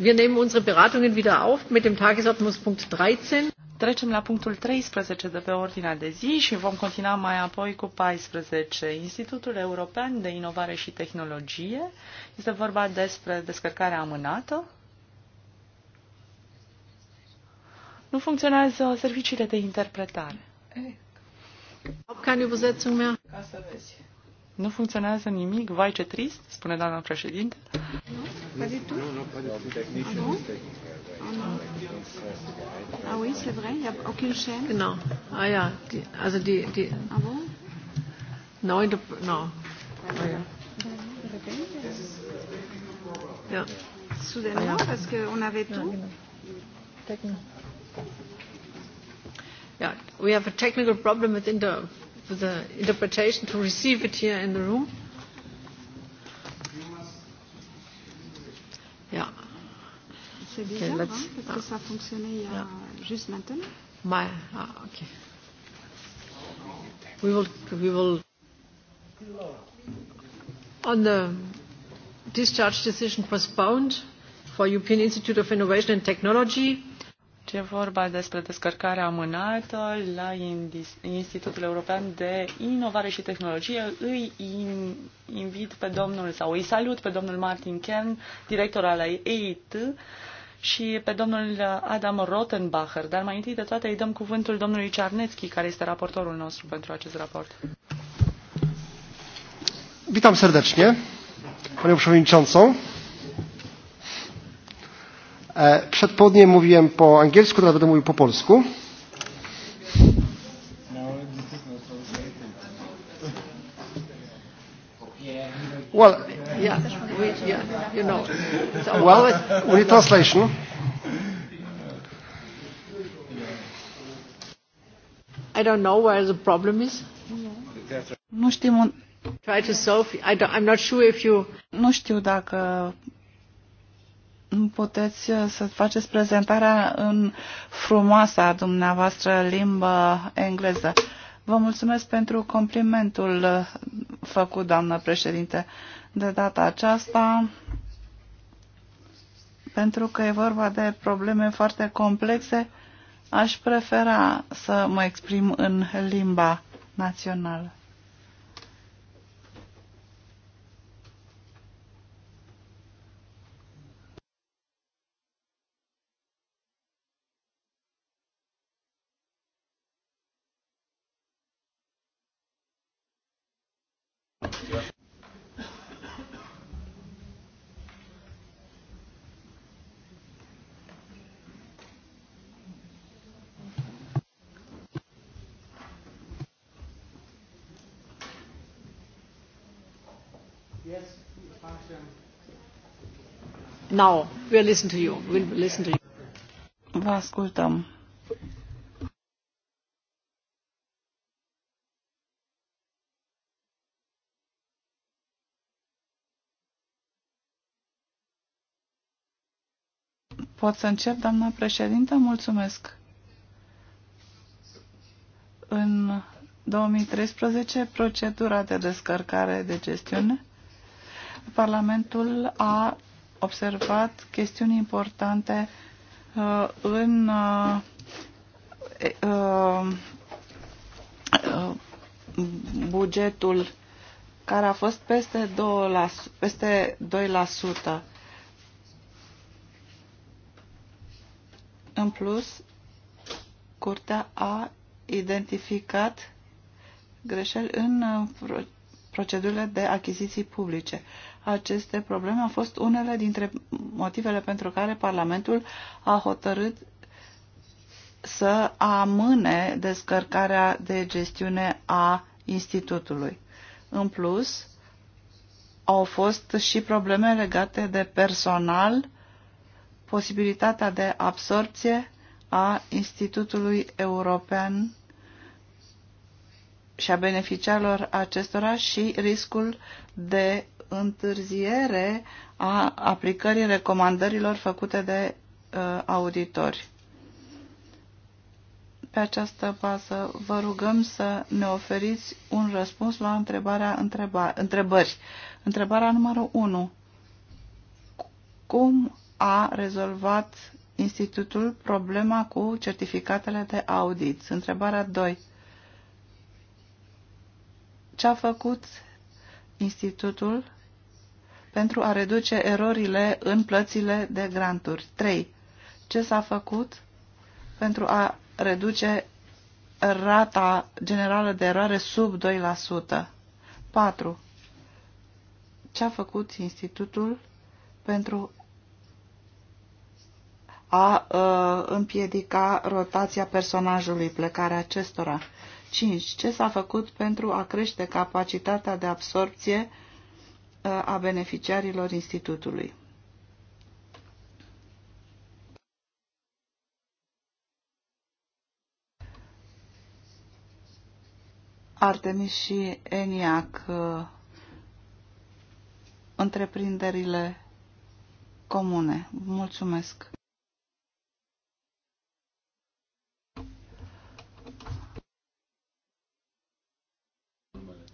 Wir nehmen unsere Beratungen wieder auf mit dem Tagesordnungspunkt 13. Trecem la punctul 13 de pe ordinea de zi și vom continua mai apoi cu 14. Institutul European de Inovare și Tehnologie. Este vorba despre descărcarea amânată. Nu funcționează serviciile de interpretare. Nu mehr. Ca să vezi. Nu funcționează nimic? Vai ce trist, spune doamna președinte. Nu, pas du tout. Ah oui, c'est vrai, il n'y a aucune chaîne. Genau. Ah ja, die, also die, die. Ah bon? Non, il, non. Ah ja. Ja. Soudainement, ah, ja. parce qu'on avait tout. Ja, we have a technical problem with inter the interpretation to receive it here in the room. Yeah. okay, let's, uh, yeah. maintenant. My, uh, okay. We will, we will, on the discharge decision postponed for European Institute of Innovation and Technology, deci e vorba despre descărcarea amânată la Institutul European de Inovare și Tehnologie. Îi invit pe domnul sau îi salut pe domnul Martin Ken, director al EIT, și pe domnul Adam Rottenbacher. Dar mai întâi de toate îi dăm cuvântul domnului Cearnețchi, care este raportorul nostru pentru acest raport. Witam serdecznie, panią przewodniczącą. Przed południem mówiłem po angielsku, teraz będę mówił po polsku. Well, yeah, we, yeah, you know. So, well, with translation. I don't know where the problem is. Nu știm un... Try to solve. I don't, I'm not sure if you... Nu știu dacă puteți uh, să faceți prezentarea în frumoasa dumneavoastră limbă engleză. Vă mulțumesc pentru complimentul uh, făcut, doamnă președinte, de data aceasta, pentru că e vorba de probleme foarte complexe, aș prefera să mă exprim în limba națională. Now, we'll listen to you. We'll listen to you. Vă ascultăm. Pot să încep, doamna președintă? Mulțumesc. În 2013, procedura de descărcare de gestiune, Parlamentul a observat chestiuni importante uh, în uh, uh, uh, bugetul care a fost peste 2%. Peste 2%. În plus, curtea a identificat greșeli în uh, procedurile de achiziții publice. Uh, aceste probleme au fost unele dintre motivele pentru care Parlamentul a hotărât să amâne descărcarea de gestiune a institutului. În plus, au fost și probleme legate de personal, posibilitatea de absorpție a Institutului European și a beneficiarilor acestora și riscul de întârziere a aplicării recomandărilor făcute de uh, auditori. Pe această bază vă rugăm să ne oferiți un răspuns la întrebarea întreba, întrebări. Întrebarea numărul 1. Cum a rezolvat Institutul problema cu certificatele de audit? Întrebarea 2. Ce a făcut Institutul pentru a reduce erorile în plățile de granturi. 3. Ce s-a făcut pentru a reduce rata generală de eroare sub 2%? 4. Ce a făcut institutul pentru a uh, împiedica rotația personajului, plecarea acestora? 5. Ce s-a făcut pentru a crește capacitatea de absorpție a beneficiarilor institutului. Artemis și ENIAC, uh, întreprinderile comune. Mulțumesc!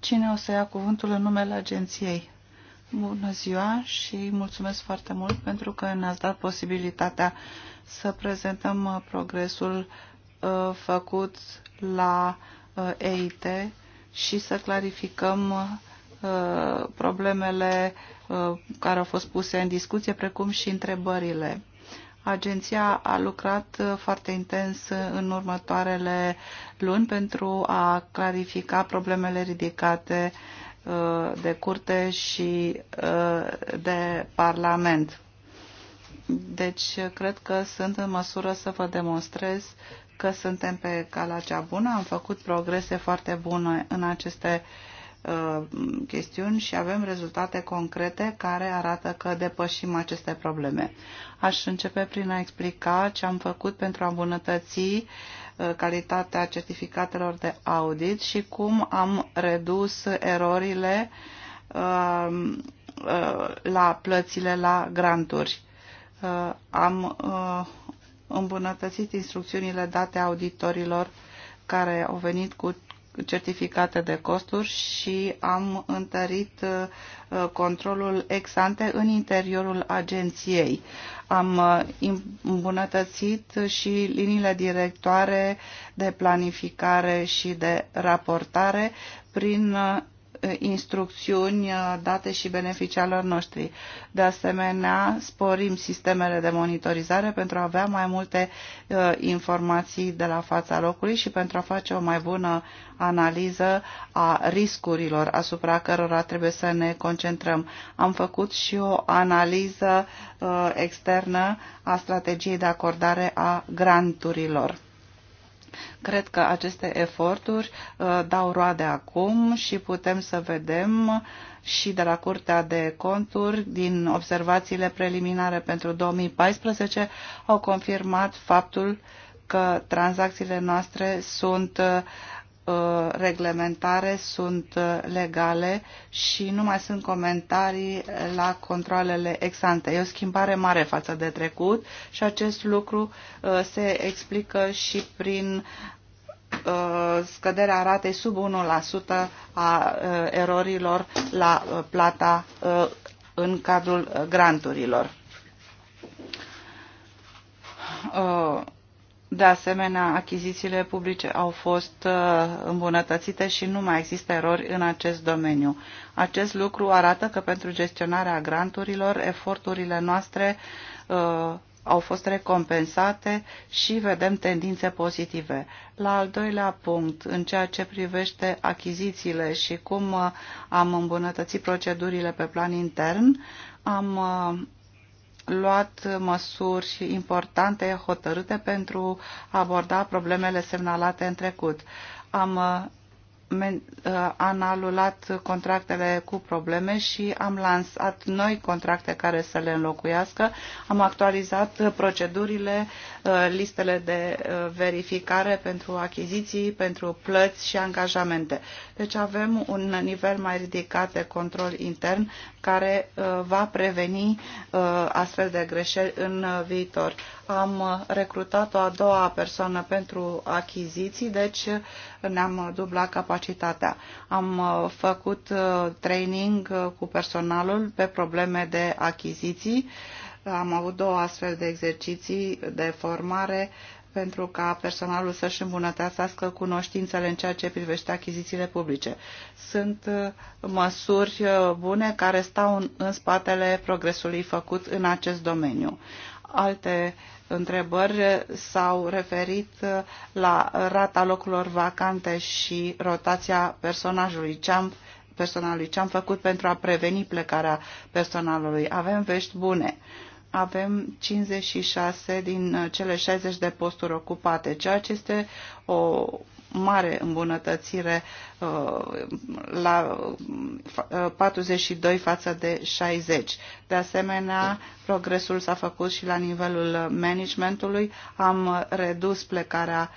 Cine o să ia cuvântul în numele agenției? Bună ziua și mulțumesc foarte mult pentru că ne-ați dat posibilitatea să prezentăm uh, progresul uh, făcut la uh, EIT și să clarificăm problemele care au fost puse în discuție, precum și întrebările. Agenția a lucrat foarte intens în următoarele luni pentru a clarifica problemele ridicate uh, Uh, de curte și uh, de parlament. Deci, cred că sunt în măsură să vă demonstrez că suntem pe calea cea bună, am făcut progrese foarte bune în aceste uh, chestiuni și avem rezultate concrete care arată că depășim aceste probleme. Aș începe prin a explica ce am făcut pentru a îmbunătăți uh, Uh, calitatea certificatelor de audit și cum am redus erorile uh, uh, la plățile la granturi. Am îmbunătățit instrucțiunile date auditorilor care au venit cu certificate de costuri și am întărit uh, controlul ex ante în interiorul agenției. Am uh, îmbunătățit și liniile directoare de planificare și de raportare prin uh, instrucțiuni uh, date și beneficiarilor noștri. De asemenea, sporim sistemele de monitorizare pentru a avea mai multe uh, informații de la fața locului și pentru a face o mai bună analiză a riscurilor asupra cărora trebuie să ne concentrăm. Am făcut și o analiză uh, externă a strategiei de acordare a granturilor Cred că aceste eforturi uh, dau roade acum și putem să vedem și de la Curtea de Conturi, din observațiile preliminare pentru 2014, au confirmat faptul că tranzacțiile noastre sunt uh, Uh, reglementare sunt uh, legale și nu mai sunt comentarii la controlele ex ante. E o schimbare mare față de trecut și acest lucru uh, se explică și prin scăderea ratei sub 1% a erorilor la plata în cadrul granturilor de asemenea, achizițiile publice au fost uh, îmbunătățite și nu mai există erori în acest domeniu. Acest lucru arată că pentru gestionarea granturilor, eforturile noastre uh, au fost recompensate și vedem tendințe pozitive. La al doilea punct, în ceea ce privește achizițiile și cum uh, am îmbunătățit procedurile pe plan intern, am uh, luat măsuri importante, hotărâte pentru a aborda problemele semnalate în trecut. Am am uh, anulat contractele cu probleme și am lansat noi contracte care să le înlocuiască. Am actualizat procedurile, uh, listele de uh, verificare pentru achiziții, pentru plăți și angajamente. Deci avem un nivel mai ridicat de control intern care va preveni astfel de greșeli în viitor. Am recrutat o a doua persoană pentru achiziții, deci ne-am dublat capacitatea capacitatea. Am uh, făcut uh, training uh, cu personalul pe probleme de achiziții. Am avut două astfel de exerciții de formare pentru ca personalul să-și îmbunătățească cunoștințele în ceea ce privește achizițiile publice. Sunt măsuri bune care stau în spatele progresului făcut în acest domeniu alte întrebări s-au referit la rata locurilor vacante și rotația personajului. Ce am, personalului. Ce am făcut pentru a preveni plecarea personalului? Avem vești bune. Avem 56 din cele 60 de posturi ocupate, ceea ce este o mare îmbunătățire uh, la 42 uh, față de 60. De asemenea, da. progresul s-a făcut și la nivelul managementului. Am redus plecarea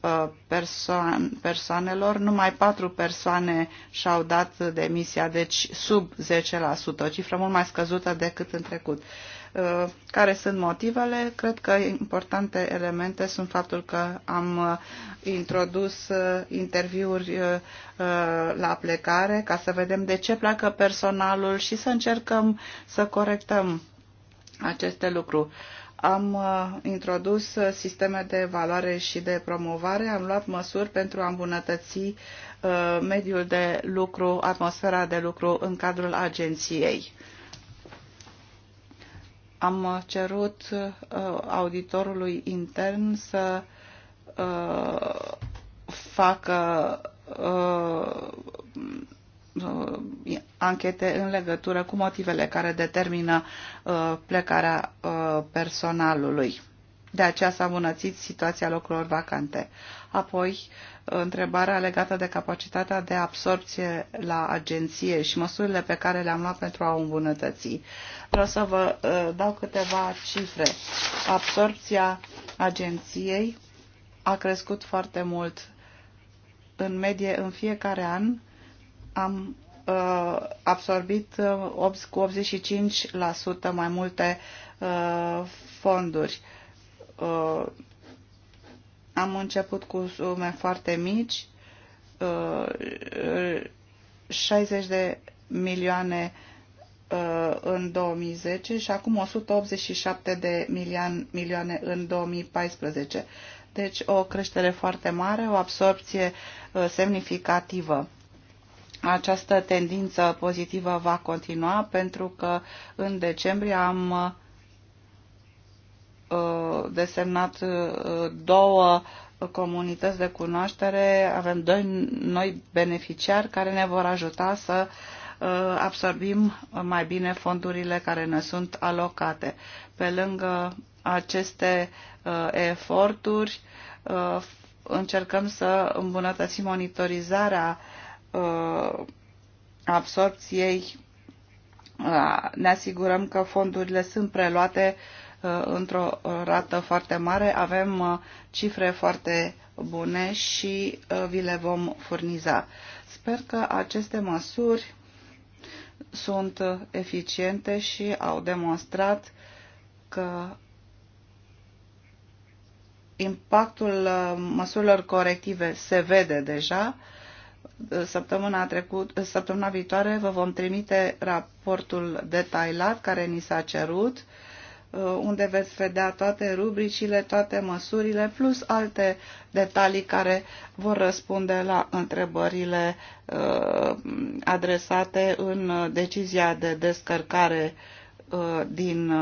uh, persoanelor, numai patru persoane și-au dat demisia, deci sub 10%, o cifră mult mai scăzută decât în trecut. Uh, care sunt motivele. Cred că importante elemente sunt faptul că am uh, introdus uh, interviuri la plecare ca să vedem de ce pleacă personalul și să încercăm să corectăm aceste lucruri am introdus sisteme de evaluare și de promovare, am luat măsuri pentru a îmbunătăți mediul de lucru, atmosfera de lucru în cadrul agenției. Am cerut uh, auditorului intern să uh, facă uh, anchete în legătură cu motivele care determină plecarea personalului. De aceea s-a îmbunătățit situația locurilor vacante. Apoi, întrebarea legată de capacitatea de absorbție la agenție și măsurile pe care le-am luat pentru a o îmbunătăți. Vreau să vă uh, dau câteva cifre. Absorpția agenției a crescut foarte mult. În medie, în fiecare an, am uh, absorbit uh, cu 85% mai multe fonduri am început cu sume foarte mici, 60 uh, de milioane uh, în 2010 și acum 187 de milioane în 2014. Deci o creștere foarte mare, o absorpție uh, semnificativă. Această tendință pozitivă va continua pentru că în decembrie am Uh, desemnat uh, două comunități de cunoaștere, avem doi noi beneficiari care ne vor ajuta să uh, absorbim mai bine fondurile care ne sunt alocate. Pe lângă aceste eforturi, încercăm să îmbunătățim monitorizarea absorpției, ne asigurăm că fondurile sunt preluate uh, Uh, într-o rată foarte mare. Avem uh, cifre foarte bune și uh, vi le vom furniza. Sper că aceste măsuri sunt eficiente și au demonstrat că impactul măsurilor corective se vede deja. Săptămâna, trecut, săptămâna viitoare vă vom trimite raportul detailat care ni s-a cerut Uh, unde veți vedea toate rubricile, toate măsurile, plus alte detalii care vor răspunde la întrebările uh, adresate în uh, decizia de descărcare din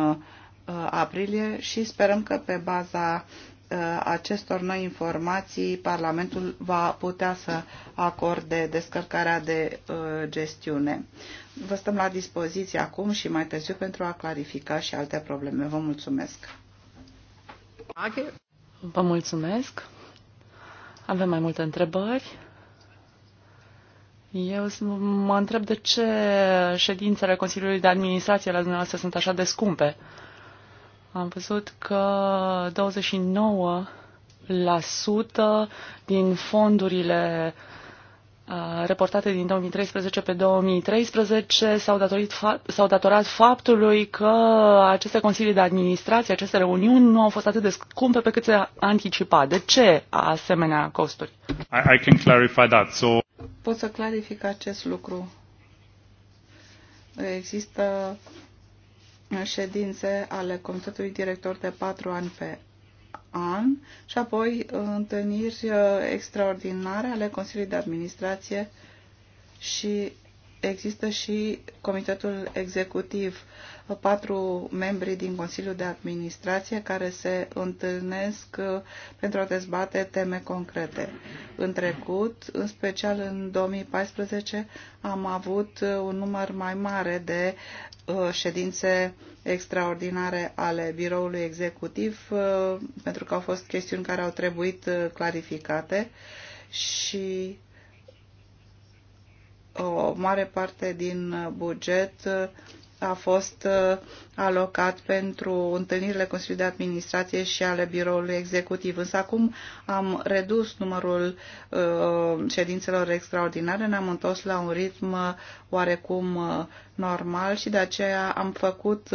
aprilie și sperăm că pe baza Uh, acestor noi informații Parlamentul va putea să acorde descărcarea de uh, gestiune. Vă stăm la dispoziție acum și mai târziu pentru a clarifica și alte probleme. Vă mulțumesc! Vă mulțumesc! Avem mai multe întrebări. Eu mă întreb de ce ședințele Consiliului de Administrație la dumneavoastră sunt așa de scumpe. Uh, am văzut că 29% din fondurile uh, reportate din 2013 pe 2013 s-au, datorit s-au datorat faptului că aceste consilii de administrație, aceste reuniuni nu au fost atât de scumpe pe cât se anticipa. De ce asemenea costuri? I, I can clarify that. So... Pot să clarific acest lucru. Există ședințe ale Comitetului Director de 4 ani pe an și apoi întâlniri uh, extraordinare ale Consiliului de Administrație și există și Comitetul Executiv, patru membri din Consiliul de Administrație care se întâlnesc uh, pentru a dezbate teme concrete. În trecut, în special în 2014, am avut uh, un număr mai mare de Uh, ședințe extraordinare ale biroului executiv uh, pentru că au fost chestiuni care au trebuit uh, clarificate și o mare parte din buget a fost uh, alocat pentru întâlnirile Consiliului de Administrație și ale Biroului Executiv. Însă acum am redus numărul uh, ședințelor extraordinare, ne-am întors la un ritm uh, oarecum normal și de aceea am făcut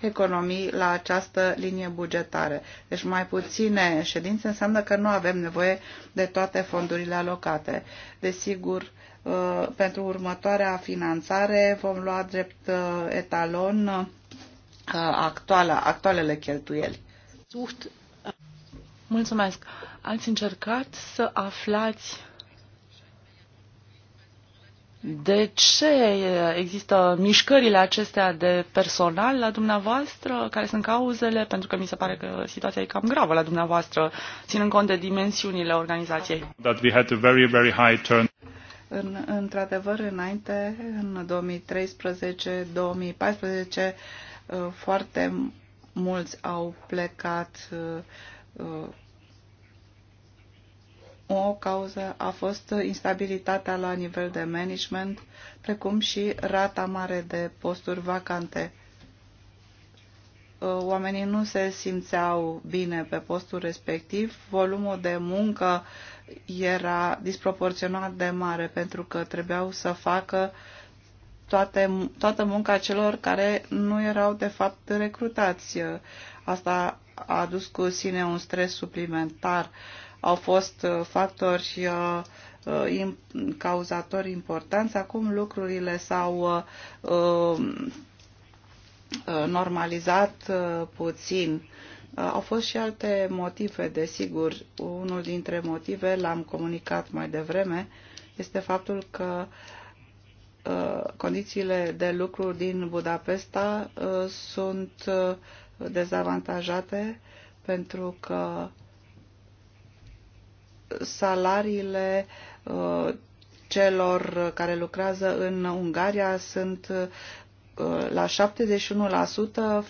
economii la această linie bugetare. Deci mai puține ședințe înseamnă că nu avem nevoie de toate fondurile alocate. Desigur, Uh, pentru următoarea finanțare vom lua drept uh, etalon uh, actuala, actualele cheltuieli. Mulțumesc. Ați încercat să aflați de ce există mișcările acestea de personal la dumneavoastră? Care sunt cauzele? Pentru că mi se pare că situația e cam gravă la dumneavoastră, ținând cont de dimensiunile organizației. That we had a very, very high turn în, într-adevăr, înainte, în 2013-2014, uh, foarte mulți au plecat. Uh, o cauză a fost instabilitatea la nivel de management, precum și rata mare de posturi vacante. Uh, oamenii nu se simțeau bine pe postul respectiv, volumul de muncă uh, era disproporționat de mare pentru că trebuiau să facă toate, toată munca celor care nu erau de fapt recrutați. Asta a adus cu sine un stres suplimentar. Au fost uh, factori și uh, uh cauzatori importanți. Acum lucrurile s-au uh, uh normalizat uh, puțin. Uh, au fost și alte motive, desigur. Unul dintre motive, l-am comunicat mai devreme, este faptul că uh, condițiile de lucru din Budapesta uh, sunt dezavantajate pentru că salariile celor care lucrează în Ungaria sunt Uh, la 71% uh,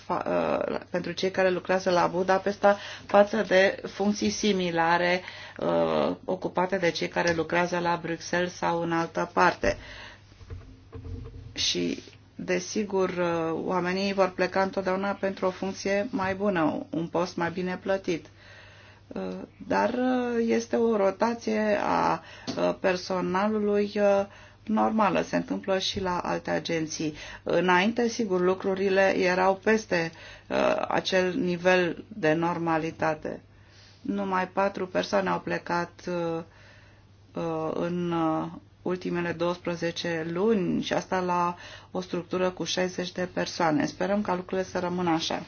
pentru cei care lucrează la Budapesta față de funcții similare uh, ocupate de cei care lucrează la Bruxelles sau în altă parte. Și desigur, oamenii vor pleca întotdeauna pentru o funcție mai bună, un post mai bine plătit. Dar este o rotație a personalului normală, se întâmplă și la alte agenții. Înainte, sigur, lucrurile erau peste uh, acel nivel de normalitate. Numai patru persoane au plecat uh, uh, în uh, ultimele 12 luni și asta la o structură cu 60 de persoane. Sperăm ca lucrurile să rămână așa.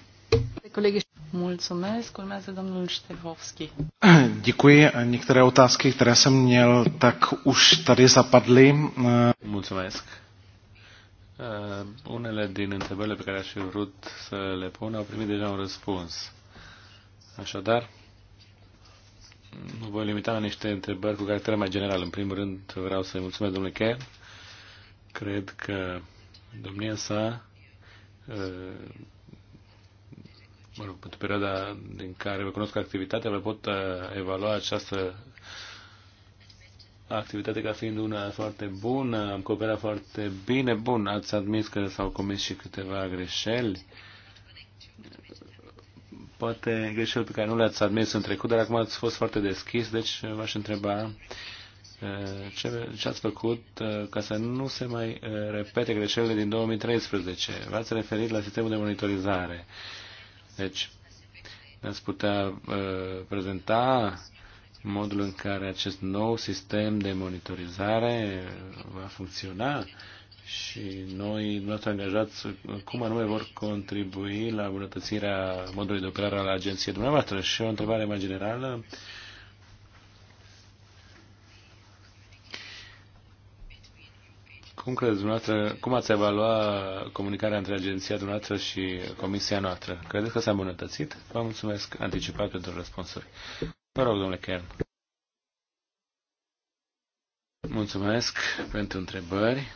Colegii Mulțumesc. Urmează domnul Števovský. Děkuji. Některé otázky, které jsem měl, tak už tady zapadly. Mulțumesc. Uh, unele din întrebările pe care aș fi vrut să le pun au primit deja un răspuns. Așadar, mă voi limita la niște întrebări cu caracter mai general. În primul rând, vreau să-i mulțumesc domnului Kerr. Cred că domnia sa uh, mă rog, pentru perioada din care vă cunosc activitatea, vă pot uh, evalua această activitate ca fiind una foarte bună, am cooperat foarte bine, bun, ați admis că s-au comis și câteva greșeli, poate greșeli pe care nu le-ați admis în trecut, dar acum ați fost foarte deschis, deci v-aș întreba uh, ce, ce ați făcut uh, ca să nu se mai repete greșelile din 2013. V-ați referit la sistemul de monitorizare. Deci, ați putea uh, prezenta modul în care acest nou sistem de monitorizare uh, va funcționa și noi, noastre angajați, cum anume vor contribui la îmbunătățirea modului de operare al agenției dumneavoastră. Și o întrebare mai generală. Uh, Cum credeți dumneavoastră, cum ați evalua comunicarea între agenția dumneavoastră și comisia noastră? Credeți că s-a îmbunătățit? Vă mulțumesc anticipat pentru răspunsuri. Vă rog, domnule Kern. Mulțumesc pentru întrebări.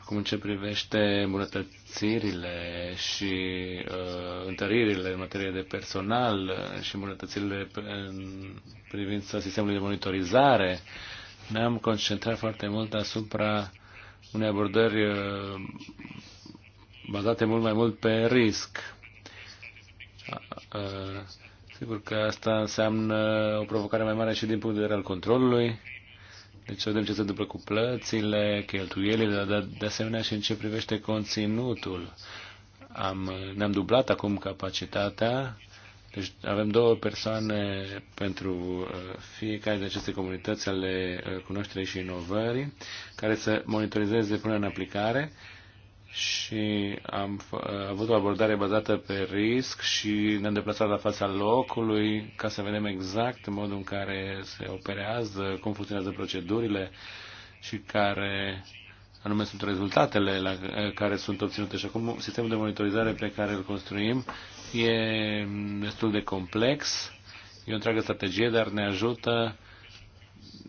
Acum, în ce privește îmbunătățirile și uh, întăririle în materie de personal și îmbunătățirile în privința sistemului de monitorizare, uh, ne-am concentrat foarte mult asupra unei abordări uh, bazate mult mai mult pe risc. Uh, uh, sigur că asta înseamnă o provocare mai mare și din punct de vedere al controlului. Deci să vedem ce se întâmplă cu plățile, cheltuielile, dar de asemenea și în ce privește conținutul. Am, ne-am dublat acum capacitatea deci avem două persoane pentru uh, fiecare din aceste comunități ale uh, cunoașterii și inovării, care să monitorizeze până în aplicare și am uh, avut o abordare bazată pe risc și ne-am deplasat la fața locului ca să vedem exact modul în care se operează, cum funcționează procedurile și care anume sunt rezultatele la care sunt obținute. Și acum sistemul de monitorizare pe care îl construim E destul de complex, e o întreagă strategie, dar ne ajută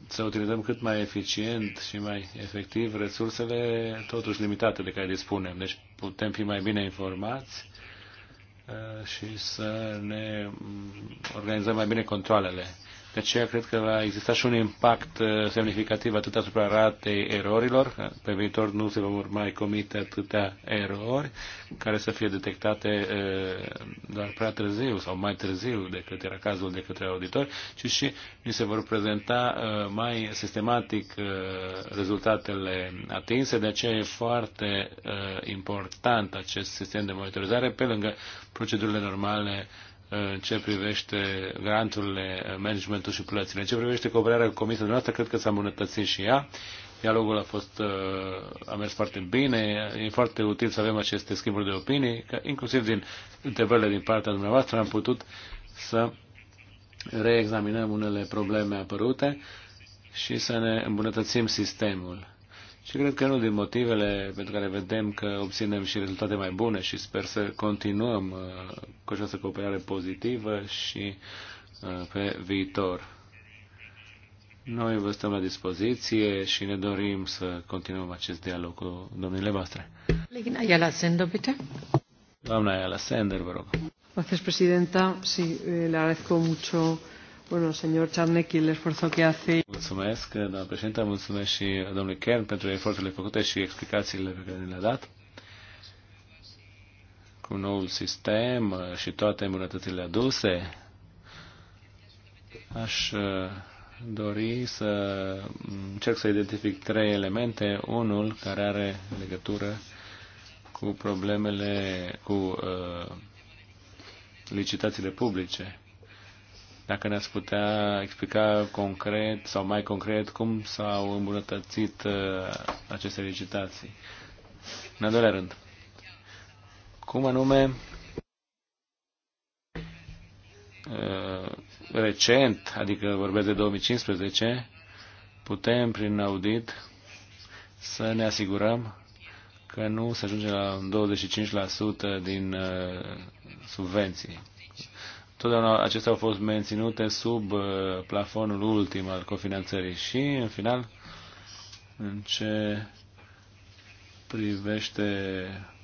să utilizăm cât mai eficient și mai efectiv resursele totuși limitate de care dispunem. Deci putem fi mai bine informați uh, și să ne mm, organizăm mai bine controlele. De aceea cred că va exista și un impact uh, semnificativ atât asupra ratei erorilor, pe viitor nu se vor mai comite atâtea erori care să fie detectate uh, doar prea târziu sau mai târziu decât era cazul de către auditor, ci și ni se vor prezenta uh, mai sistematic rezultatele atinse, de aceea e foarte important acest sistem de monitorizare pe lângă procedurile normale în ce privește granturile, eh, managementul și plățile. În ce privește cooperarea cu comisia noastră, cred că s-a îmbunătățit și ea. Dialogul a fost eh, a mers foarte bine, e foarte util să avem aceste schimburi de opinii, că inclusiv din întrebările din partea dumneavoastră am putut să reexaminăm unele probleme apărute și să ne îmbunătățim sistemul. Și cred că unul din motivele pentru care vedem că obținem și rezultate mai bune și sper să continuăm uh, cu această cooperare pozitivă și uh, pe viitor. Noi vă stăm la dispoziție și ne dorim să continuăm acest dialog cu domnile voastre. Doamna Iala Sender, vă rog. Gracias, Presidenta. Sí, eh, le agradezco mucho Bună, señor Czarnecki, el esfuerzo que hace... Mulțumesc, doamna președinte, mulțumesc și domnului Kern pentru eforturile făcute și explicațiile pe care le-a dat cu noul sistem și toate îmbunătățile aduse. Aș uh, dori să încerc să identific trei elemente. Unul care are legătură cu problemele, cu uh, licitațiile publice dacă ne-ați putea explica concret sau mai concret cum s-au îmbunătățit uh, aceste licitații. În al doilea rând, cum anume uh, recent, adică vorbesc de 2015, putem prin audit să ne asigurăm că nu se ajunge la 25% din uh, subvenții totdeauna acestea au fost menținute sub uh, plafonul ultim al cofinanțării. Și, în final, în ce privește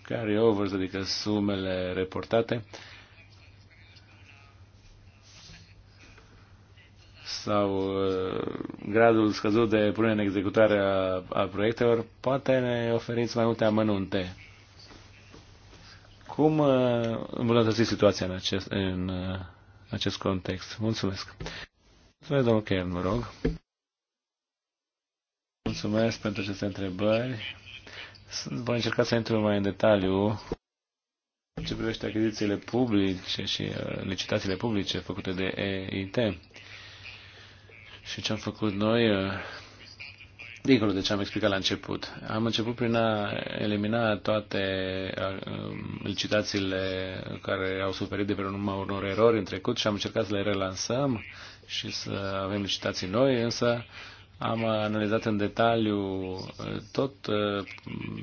carryovers, adică sumele reportate, sau uh, gradul scăzut de punere în executare a, a proiectelor, poate ne oferiți mai multe amănunte cum uh, îmbunătăți situația în acest, în uh, acest context? Mulțumesc. Mulțumesc, domnul Kern, mă rog. Mulțumesc pentru aceste întrebări. Voi încerca să intru mai în detaliu ce privește achizițiile publice și uh, licitațiile publice făcute de EIT și ce am făcut noi dincolo de ce am explicat la început. Am început prin a elimina toate um, licitațiile care au suferit de urma unor erori în trecut și am încercat să le relansăm și să avem licitații noi, însă am analizat în detaliu uh, tot uh,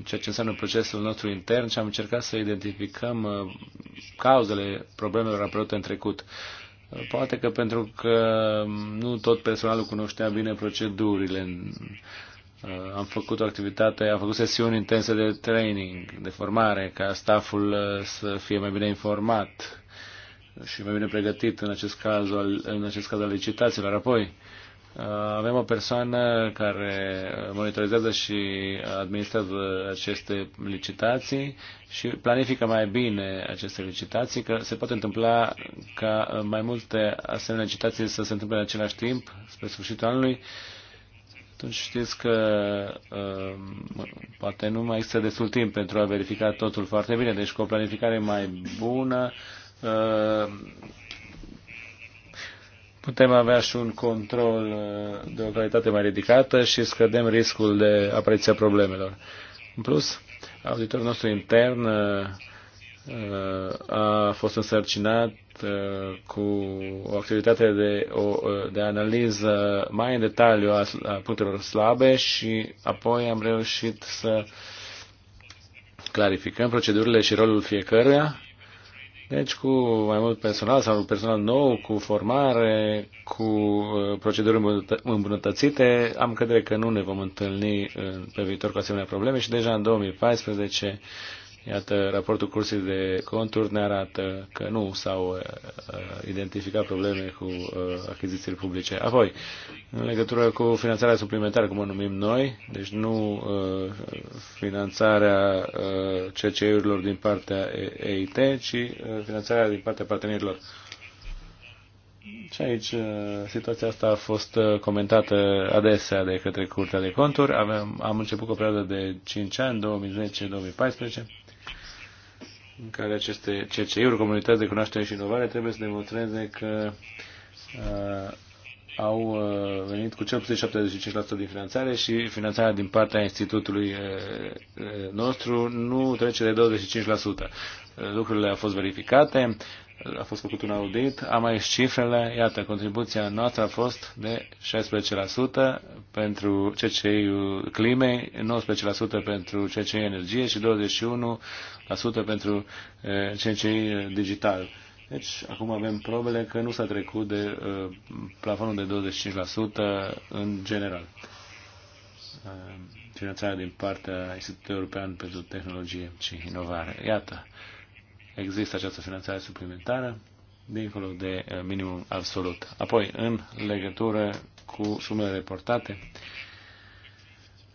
ceea ce înseamnă procesul nostru intern și am încercat să identificăm uh, cauzele problemelor apărute în trecut. Poate că pentru că um, nu tot personalul cunoștea bine procedurile Uh, am făcut o activitate, am făcut sesiuni intense de training, de formare, ca stafful uh, să fie mai bine informat și mai bine pregătit în acest caz al, în acest caz al licitațiilor. Apoi, uh, avem o persoană care monitorizează și administrează aceste licitații și planifică mai bine aceste licitații, că se poate întâmpla ca mai multe asemenea licitații să se întâmple în același timp, spre sfârșitul anului, atunci știți că uh, poate nu mai există destul timp pentru a verifica totul foarte bine. Deci cu o planificare mai bună uh, putem avea și un control uh, de o calitate mai ridicată și scădem riscul de apariția problemelor. În plus, auditorul nostru intern uh, a fost însărcinat uh, cu o activitate de, o, uh, de analiză mai în detaliu a, a punctelor slabe și apoi am reușit să clarificăm procedurile și rolul fiecăruia. Deci cu mai mult personal sau personal nou, cu formare, cu uh, proceduri îmbunătățite, am credere că nu ne vom întâlni pe viitor cu asemenea probleme și deja în 2014 Iată, raportul cursului de Conturi ne arată că nu s-au uh, uh, identificat probleme cu uh, achizițiile publice. Apoi, în legătură cu finanțarea suplimentară, cum o numim noi, deci nu uh, finanțarea uh, CCE-urilor din partea EIT, ci uh, finanțarea din partea partenerilor. Și aici uh, situația asta a fost uh, comentată adesea de către Curtea de Conturi. Avem, am început cu o perioadă de 5 ani, 2010-2014 în care aceste CCI-uri, comunități de cunoaștere și inovare, trebuie să demonstreze că uh, au uh, venit cu cel puțin 75% din finanțare și finanțarea din partea institutului uh, uh nostru nu trece de 25%. Uh, lucrurile au fost verificate, a fost făcut un audit, am aici cifrele, iată, contribuția noastră a fost de 16% pentru CCI climei, 19% pentru CCI energie și 21% pentru CCI digital. Deci, acum avem probele că nu s-a trecut de plafonul de 25% în general. finanțarea din partea Institutului European pentru Tehnologie și Inovare. Iată există această finanțare suplimentară dincolo de eh, minimum absolut. Apoi, în legătură cu sumele reportate,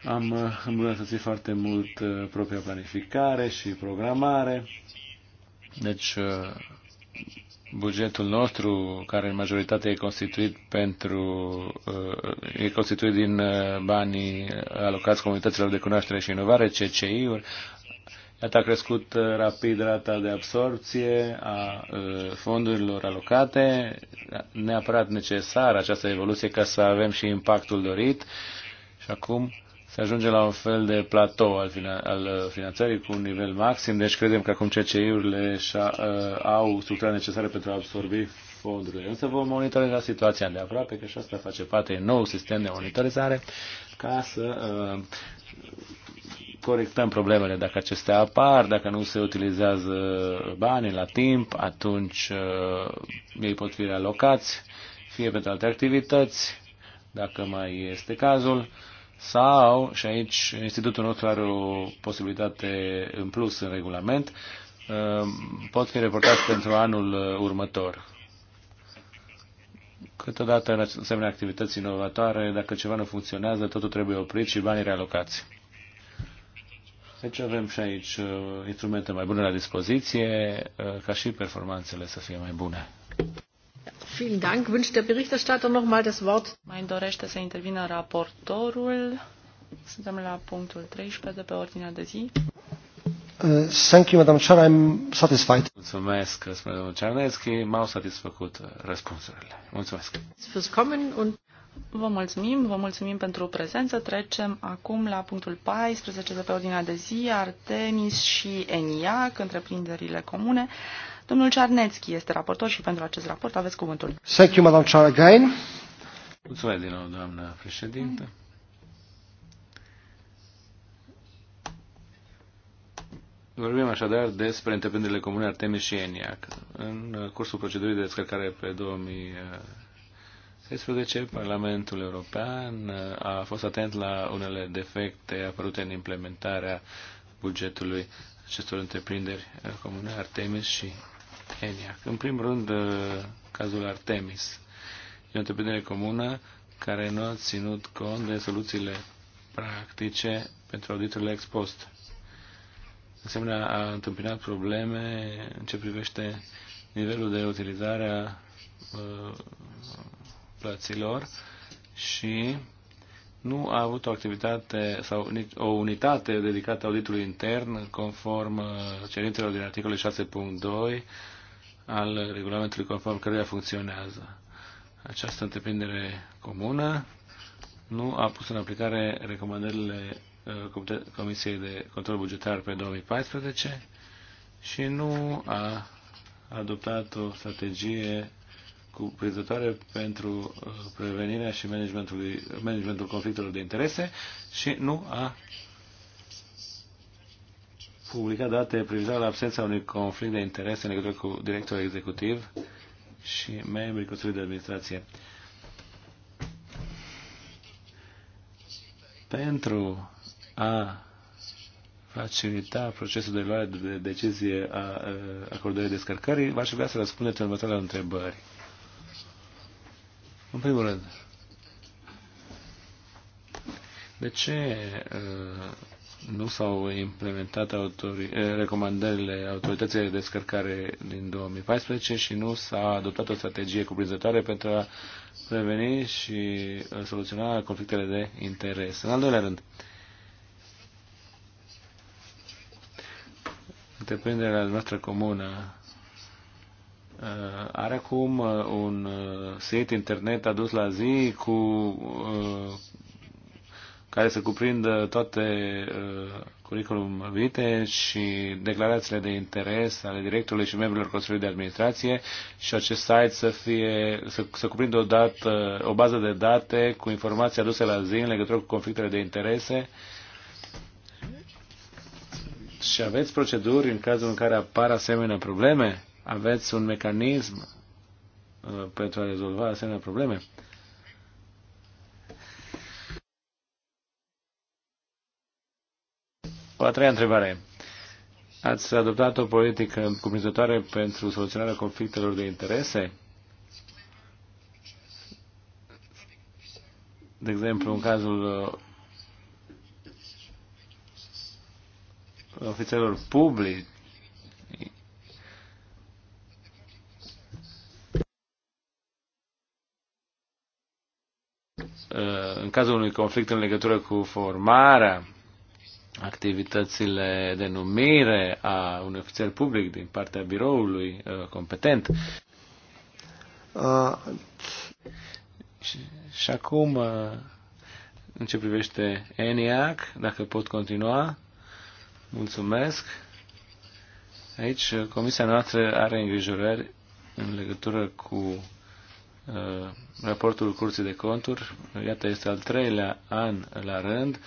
am eh, îmbunătățit foarte mult eh, propria planificare și programare. Deci, bugetul nostru, care în majoritate e constituit pentru e constituit din banii alocați comunităților de cunoaștere și inovare, CCI-uri, Iată a crescut uh, rapid rata de absorpție a uh, fondurilor alocate, neapărat necesară această evoluție ca să avem și impactul dorit și acum se ajunge la un fel de platou al, finan- al uh, finanțării cu un nivel maxim, deci credem că acum CCI-urile au structura necesară pentru a absorbi fondurile. Însă vom monitoriza situația de aproape, că și asta face parte nou sistem de monitorizare, ca să uh, corectăm problemele. Dacă acestea apar, dacă nu se utilizează banii la timp, atunci uh, ei pot fi realocați, fie pentru alte activități, dacă mai este cazul, sau, și aici institutul nostru are o posibilitate în plus în regulament, uh, pot fi reportați pentru anul uh, următor. Câteodată, în asemenea activități inovatoare, dacă ceva nu funcționează, totul trebuie oprit și banii realocați. Deci avem și aici uh, instrumente mai bune la dispoziție, uh, ca și performanțele să fie mai bune. Vielen Dank. Wünscht der Berichterstatter noch mal das Wort? Mai dorește să intervină raportorul. Suntem la punctul 13 de pe ordinea de zi. Uh, thank you, Madam Chair. I'm satisfied. Mulțumesc, spune domnul Cernescu. M-au satisfăcut uh, răspunsurile. Mulțumesc. Fürs kommen und Vă mulțumim, vă mulțumim pentru prezență. Trecem acum la punctul 14 de pe ordinea de zi, Artemis și ENIAC, întreprinderile comune. Domnul Cearnețchi este raportor și pentru acest raport aveți cuvântul. Thank you, Madam Chair, again. Mulțumesc din nou, doamnă președintă. Vorbim așadar despre întreprinderile comune Artemis și ENIAC. În cursul procedurii de descărcare pe 2000 16. Parlamentul European uh, a fost atent la unele defecte apărute în implementarea bugetului acestor întreprinderi uh, comune, Artemis și ENIAC. În primul rând, uh, cazul Artemis. E o întreprindere comună care nu a ținut cont de soluțiile practice pentru auditurile ex post. De asemenea, a întâmpinat probleme în ce privește nivelul de utilizare a plăților și nu a avut o activitate sau o unitate dedicată auditului intern conform uh, cerințelor din articolul 6.2 al regulamentului conform căruia funcționează. Această întreprindere comună nu a pus în aplicare recomandările uh, Comisiei de Control Bugetar pe 2014 și nu a adoptat o strategie cuprinzătoare pentru uh, prevenirea și managementul, managementul conflictelor de interese și nu a publicat date privitoare la absența unui conflict de interese în legătură cu directorul executiv și membrii Consiliului de Administrație. Pentru a facilita procesul de luare de decizie a uh, acordării descărcării, v-aș vrea să răspundeți următoarele întrebări. În primul rând, de ce uh, nu s-au implementat autori, uh, recomandările autorității de descărcare din 2014 și nu s-a adoptat o strategie cuprinzătoare pentru a preveni și uh, soluționa conflictele de interes. În al doilea rând, întreprinderea noastră comună Uh, are acum uh, un uh, site internet adus la zi cu care să cuprindă toate curriculum vitae și declarațiile de interes ale directorului și membrilor Consiliului de Administrație și acest site să, fie, să, să cuprindă o, dată, o bază de date cu informații aduse la zi în legătură cu conflictele de interese și aveți proceduri în cazul în care apar asemenea probleme? aveți un mecanism uh, pentru a rezolva asemenea probleme? O a treia întrebare. Ați adoptat o politică cuprinzătoare pentru soluționarea conflictelor de interese? De exemplu, în cazul uh, ofițerilor publici, Uh, în cazul unui conflict în legătură cu formarea, activitățile de numire a unui ofițer public din partea biroului uh, competent. Uh. Și, și acum, uh, în ce privește ENIAC, dacă pot continua, mulțumesc. Aici, comisia noastră are îngrijorări în legătură cu Uh, raportul Curții de Conturi. Iată, este al treilea an la rând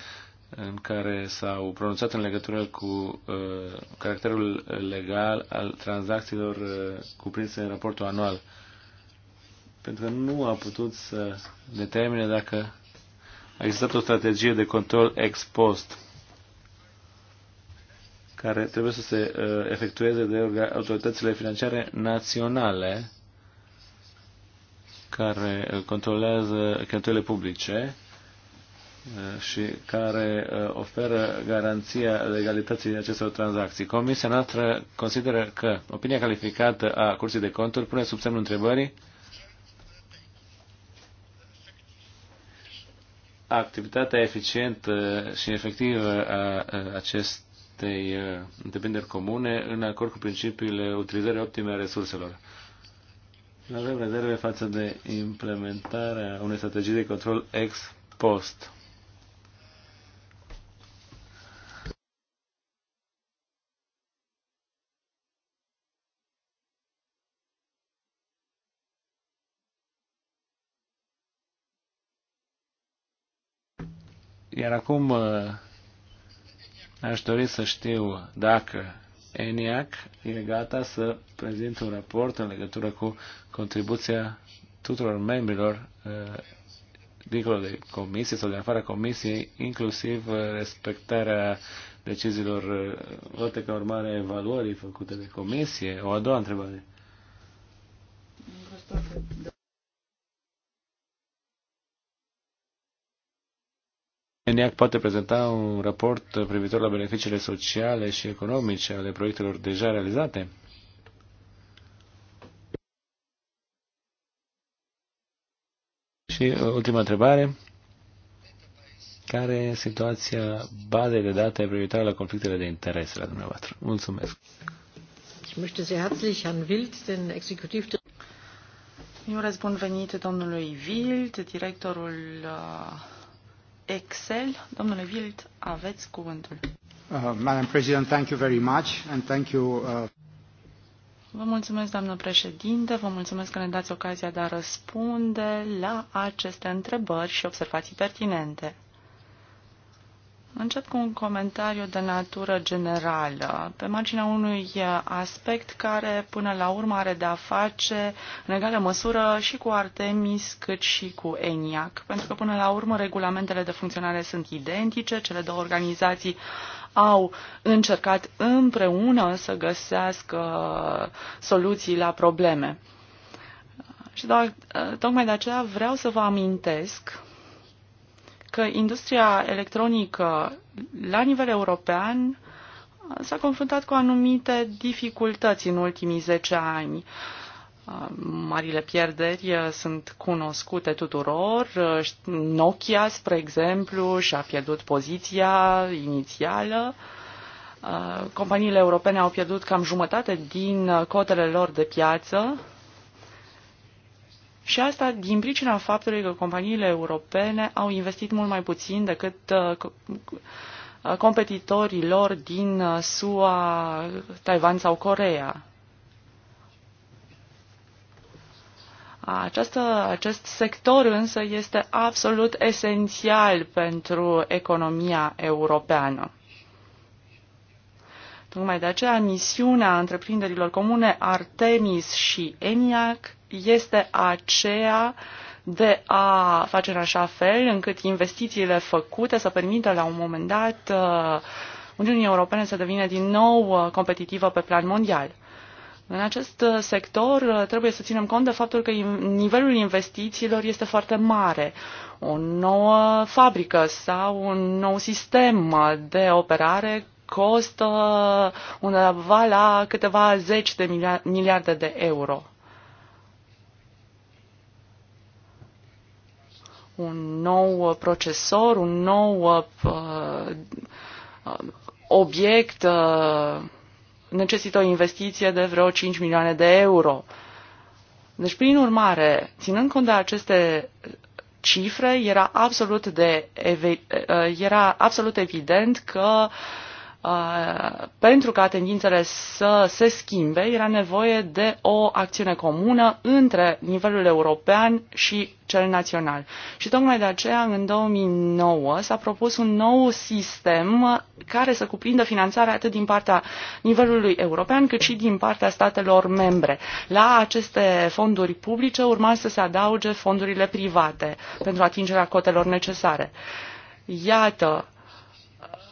în care s-au pronunțat în legătură cu uh, caracterul legal al tranzacțiilor uh, cuprinse în raportul anual. Pentru că nu a putut să determine dacă a existat o strategie de control ex post care trebuie să se uh, efectueze de autoritățile financiare naționale care controlează cheltuielile publice uh, și care uh, oferă garanția legalității acestor tranzacții. Comisia noastră consideră că opinia calificată a Curții de Conturi pune sub semnul întrebării activitatea eficientă și efectivă a acestei uh, întreprinderi comune în acord cu principiile utilizării optime a resurselor avem rezerve față de implementarea unei strategii de control ex post. Iar acum uh, aș dori să știu dacă ENIAC e gata să prezinte un raport în legătură cu contribuția tuturor membrilor eh, dincolo de comisie sau de afara comisiei, inclusiv eh, respectarea deciziilor eh, luate ca urmare evaluării făcute de comisie? O a doua întrebare. ENIAC poate prezenta un raport privitor la beneficiile sociale și economice ale proiectelor deja realizate? Și uh, ultima întrebare. Care e situația bazei de date privitoare la conflictele de interese la dumneavoastră? Mulțumesc. Eu răspund venit domnului Wild, directorul uh, Excel. Domnule Wild, aveți cuvântul. Uh, Madam President, thank you very much and thank you uh... Vă mulțumesc, doamnă președinte, vă mulțumesc că ne dați ocazia de a răspunde la aceste întrebări și observații pertinente. Încep cu un comentariu de natură generală, pe marginea unui aspect care până la urmă are de-a face în egală măsură și cu Artemis cât și cu ENIAC, pentru că până la urmă regulamentele de funcționare sunt identice, cele două organizații au încercat împreună să găsească soluții la probleme. Și doar, tocmai de aceea vreau să vă amintesc că industria electronică la nivel european s-a confruntat cu anumite dificultăți în ultimii 10 ani. Marile pierderi sunt cunoscute tuturor. Nokia, spre exemplu, și-a pierdut poziția inițială. Companiile europene au pierdut cam jumătate din cotele lor de piață și asta din pricina faptului că companiile europene au investit mult mai puțin decât uh, uh, competitorii lor din uh, SUA, Taiwan sau Corea. Această, acest sector însă este absolut esențial pentru economia europeană. Tocmai de aceea, misiunea întreprinderilor comune Artemis și ENIAC este aceea de a face în așa fel încât investițiile făcute să permită la un moment dat uh, Uniunii Europene să devină din nou uh, competitivă pe plan mondial. În acest uh, sector trebuie să ținem cont de faptul că nivelul investițiilor este foarte mare. O nouă fabrică sau un nou sistem de operare costă undeva la câteva zeci de miliarde de euro. un nou uh, procesor, un nou uh, uh, obiect uh, necesită o investiție de vreo 5 milioane de euro. Deci, prin urmare, ținând cont de aceste cifre, era absolut, de, uh, era absolut evident că uh, pentru ca tendințele să se schimbe, era nevoie de o acțiune comună între nivelul european și cel național. Și tocmai de aceea, în 2009, s-a propus un nou sistem care să cuprindă finanțarea atât din partea nivelului european, cât și din partea statelor membre. La aceste fonduri publice urma să se adauge fondurile private pentru atingerea cotelor necesare. Iată,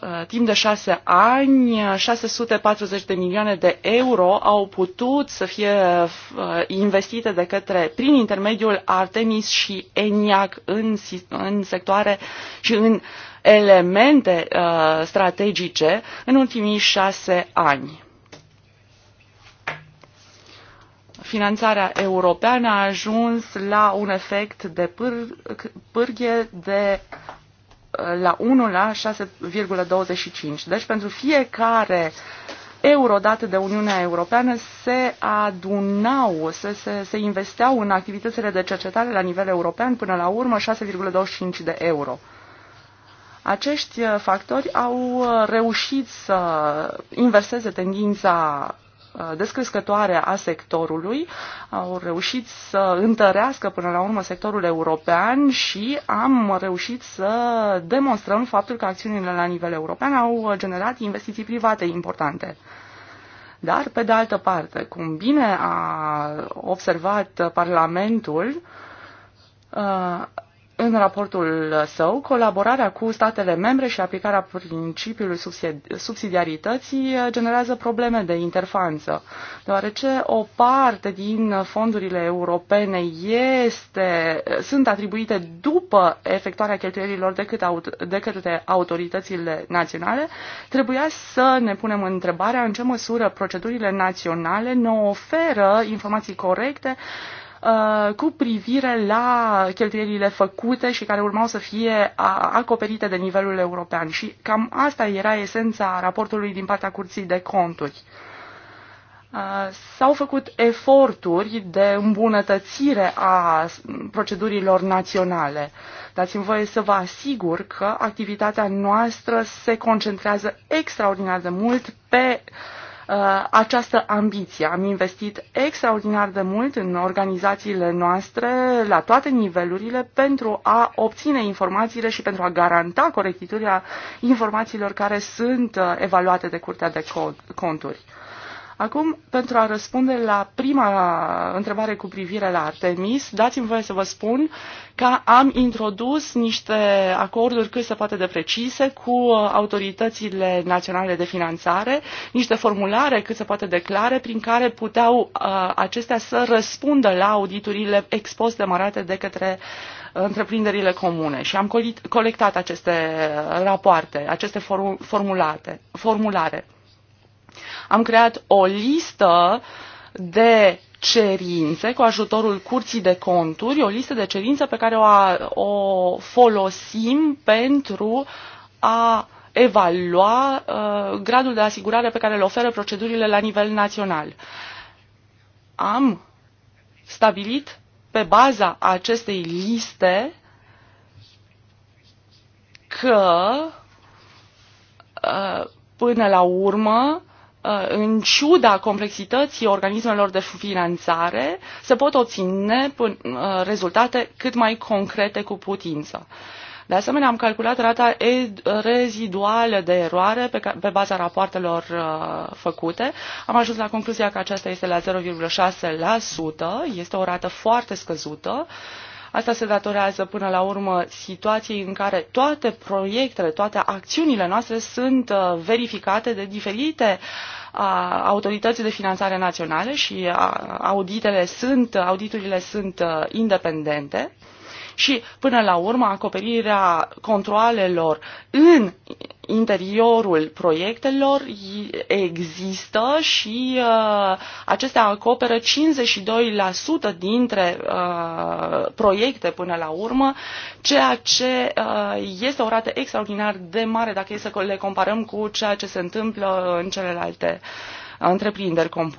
Uh, timp de șase ani, 640 de milioane de euro au putut să fie uh, investite de către, prin intermediul Artemis și ENIAC în, în sectoare și în elemente uh, strategice în ultimii șase ani. Finanțarea europeană a ajuns la un efect de pâr- pârghie de la 1 la 6,25. Deci pentru fiecare euro dat de Uniunea Europeană se adunau, se, se, se investeau în activitățile de cercetare la nivel european până la urmă 6,25 de euro. Acești uh, factori au uh, reușit să inverseze tendința Uh, descrescătoare a sectorului, au reușit să întărească până la urmă sectorul european și am reușit să demonstrăm faptul că acțiunile la nivel european au generat investiții private importante. Dar, pe de altă parte, cum bine a observat Parlamentul, uh, în raportul său, colaborarea cu statele membre și aplicarea principiului subsidiarității eh, generează probleme de interfanță, deoarece o parte din fondurile europene este, eh, sunt atribuite după efectuarea cheltuielilor decât de către autoritățile naționale, trebuia să ne punem întrebarea în ce măsură procedurile naționale ne oferă informații corecte Uh, cu privire la cheltuielile făcute și care urmau să fie acoperite de nivelul european. Și cam asta era esența raportului din partea Curții de Conturi. Uh, s-au făcut eforturi de îmbunătățire a procedurilor naționale. Dați-mi voie să vă asigur că activitatea noastră se concentrează extraordinar de mult pe uh, Uh, această ambiție. Am investit extraordinar de mult în organizațiile noastre la toate nivelurile pentru a obține informațiile și pentru a garanta corectitudinea informațiilor care sunt uh, evaluate de Curtea de Conturi. Acum, pentru a răspunde la prima întrebare cu privire la Artemis, dați-mi voie să vă spun că am introdus niște acorduri cât se poate de precise cu uh, autoritățile naționale de finanțare, niște formulare cât se poate de clare prin care puteau uh, acestea să răspundă la auditurile expost demarate de către uh, întreprinderile comune și am colectat aceste uh, rapoarte, aceste formulate, formulare am creat o listă de cerințe cu ajutorul curții de conturi, o listă de cerințe pe care o, o folosim pentru a evalua uh, gradul de asigurare pe care îl oferă procedurile la nivel național. Am stabilit pe baza acestei liste că uh, până la urmă uh, Uh, în ciuda complexității organismelor de finanțare, se pot obține uh, rezultate cât mai concrete cu putință. De asemenea, am calculat rata reziduală de eroare pe, pe baza rapoartelor uh, făcute. Am ajuns la concluzia că aceasta este la 0,6%, este o rată foarte scăzută. Uh, Asta se datorează până la urmă situației în care toate proiectele, toate acțiunile noastre sunt uh, verificate de diferite uh, autorități de finanțare naționale și uh, auditele sunt, auditurile sunt independente și, până la urmă, acoperirea controalelor în interiorul proiectelor există și uh, acestea acoperă 52% dintre uh, proiecte până la urmă, ceea ce uh, este o rată extraordinar de mare dacă e să le comparăm cu ceea ce se întâmplă în celelalte uh, Uh, întreprinderi uh,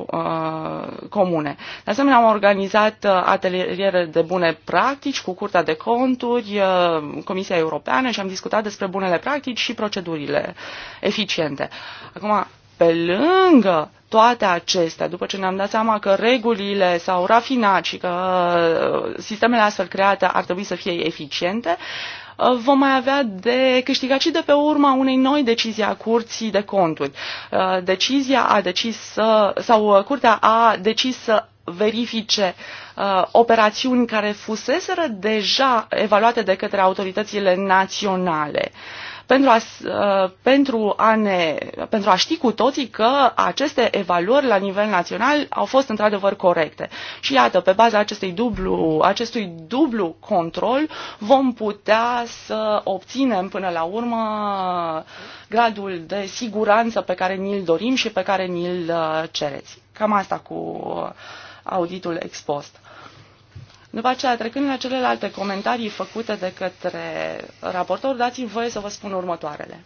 comune. De asemenea, am organizat uh, ateliere de bune practici cu Curtea de Conturi, Comisia Europeană și am discutat despre bunele practici și procedurile eficiente. Acum, pe lângă toate acestea, după ce ne-am dat seama că regulile s-au rafinat și că sistemele astfel create ar trebui să fie eficiente, Uh, vom mai avea de câștigat și de pe urma unei noi decizii a Curții de Conturi. Uh, decizia a decis să, sau uh, Curtea a decis să verifice uh, operațiuni care fuseseră deja evaluate de către autoritățile naționale. Uh, pentru a, uh, pentru a, ne, pentru a ști cu toții că aceste evaluări la nivel național au fost într-adevăr corecte. Și iată, pe baza acestui dublu, acestui dublu control vom putea să obținem până la urmă gradul de siguranță pe care ni-l dorim și pe care ni-l uh, cereți. Cam asta cu uh, auditul expost. După aceea, trecând la celelalte comentarii făcute de către raportor, dați-mi voie să vă spun următoarele.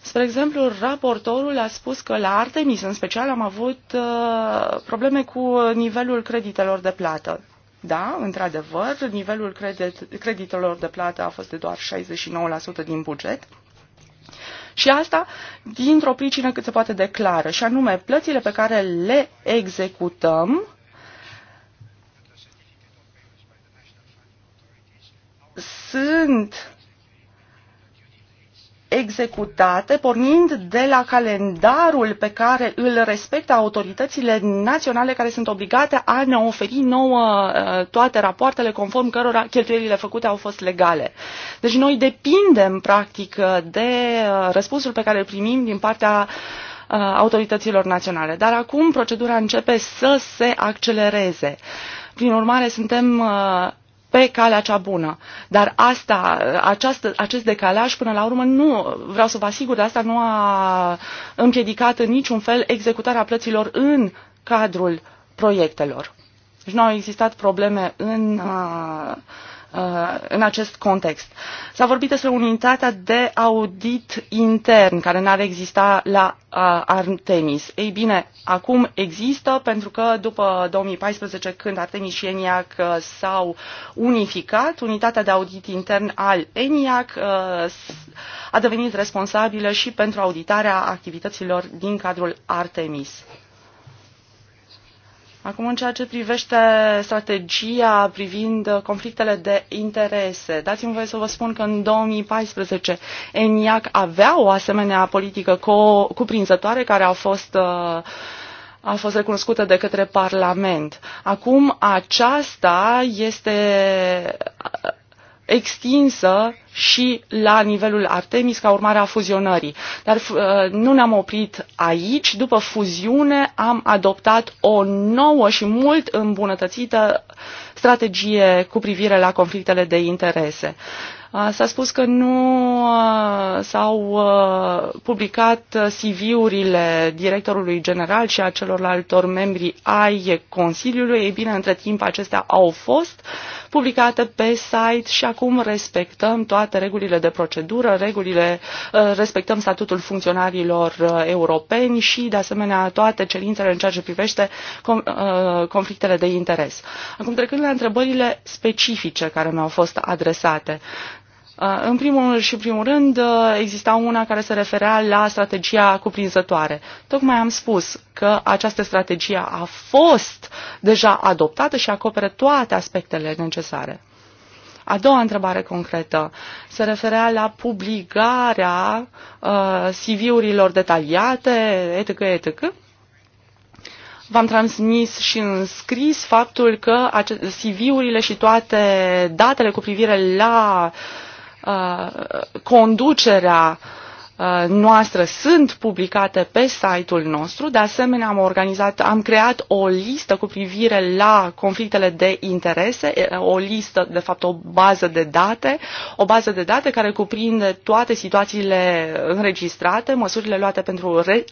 Spre exemplu, raportorul a spus că la Artemis, în special, am avut uh, probleme cu nivelul creditelor de plată. Da, într-adevăr, nivelul credit, creditelor de plată a fost de doar 69% din buget. Și asta dintr-o pricină cât se poate declară, și anume plățile pe care le executăm sunt executate pornind de la calendarul pe care îl respectă autoritățile naționale care sunt obligate a ne oferi nouă uh, toate rapoartele conform cărora cheltuielile făcute au fost legale. Deci noi depindem practic uh, de uh, răspunsul pe care îl primim din partea autorităților naționale. Dar acum procedura începe să se accelereze. Prin urmare, suntem pe calea cea bună. Dar asta, această, acest decalaj, până la urmă, nu, vreau să vă asigur, asta nu a împiedicat în niciun fel executarea plăților în cadrul proiectelor. Deci nu au existat probleme în uh, Uh, în acest context. S-a vorbit despre unitatea de audit intern care n-ar exista la uh, Artemis. Ei bine, acum există pentru că după 2014 când Artemis și ENIAC uh, s-au unificat, unitatea de audit intern al ENIAC a devenit responsabilă și pentru auditarea activităților din cadrul Artemis. Acum, în ceea ce privește strategia privind conflictele de interese, dați-mi voie să vă spun că în 2014 ENIAC avea o asemenea politică cuprinzătoare care a fost uh, a fost recunoscută de către Parlament. Acum aceasta este extinsă și la nivelul Artemis ca urmare a fuzionării. Dar uh, nu ne-am oprit aici. După fuziune am adoptat o nouă și mult îmbunătățită strategie cu privire la conflictele de interese. Uh, s-a spus că nu uh, s-au uh, publicat CV-urile directorului general și a celorlaltor membri ai Consiliului. Ei bine, între timp acestea au fost publicate pe site și acum respectăm toate regulile de procedură, regulile, uh, respectăm statutul funcționarilor uh, europeni și, de asemenea, toate cerințele în ceea ce privește conflictele de interes. Acum, trecând la întrebările specifice care mi-au fost adresate, Uh, în primul și primul rând, uh, exista una care se referea la strategia cuprinzătoare. Tocmai am spus că această strategie a fost deja adoptată și acoperă toate aspectele necesare. A doua întrebare concretă se referea la publicarea uh, CV-urilor detaliate, etc., etc. V-am transmis și în scris faptul că CV-urile și toate datele cu privire la uh, Uh, conducerea uh, noastră sunt publicate pe site-ul nostru. De asemenea, am, organizat, am creat o listă cu privire la conflictele de interese, o listă, de fapt, o bază de date, o bază de date care cuprinde toate situațiile înregistrate, măsurile luate pentru re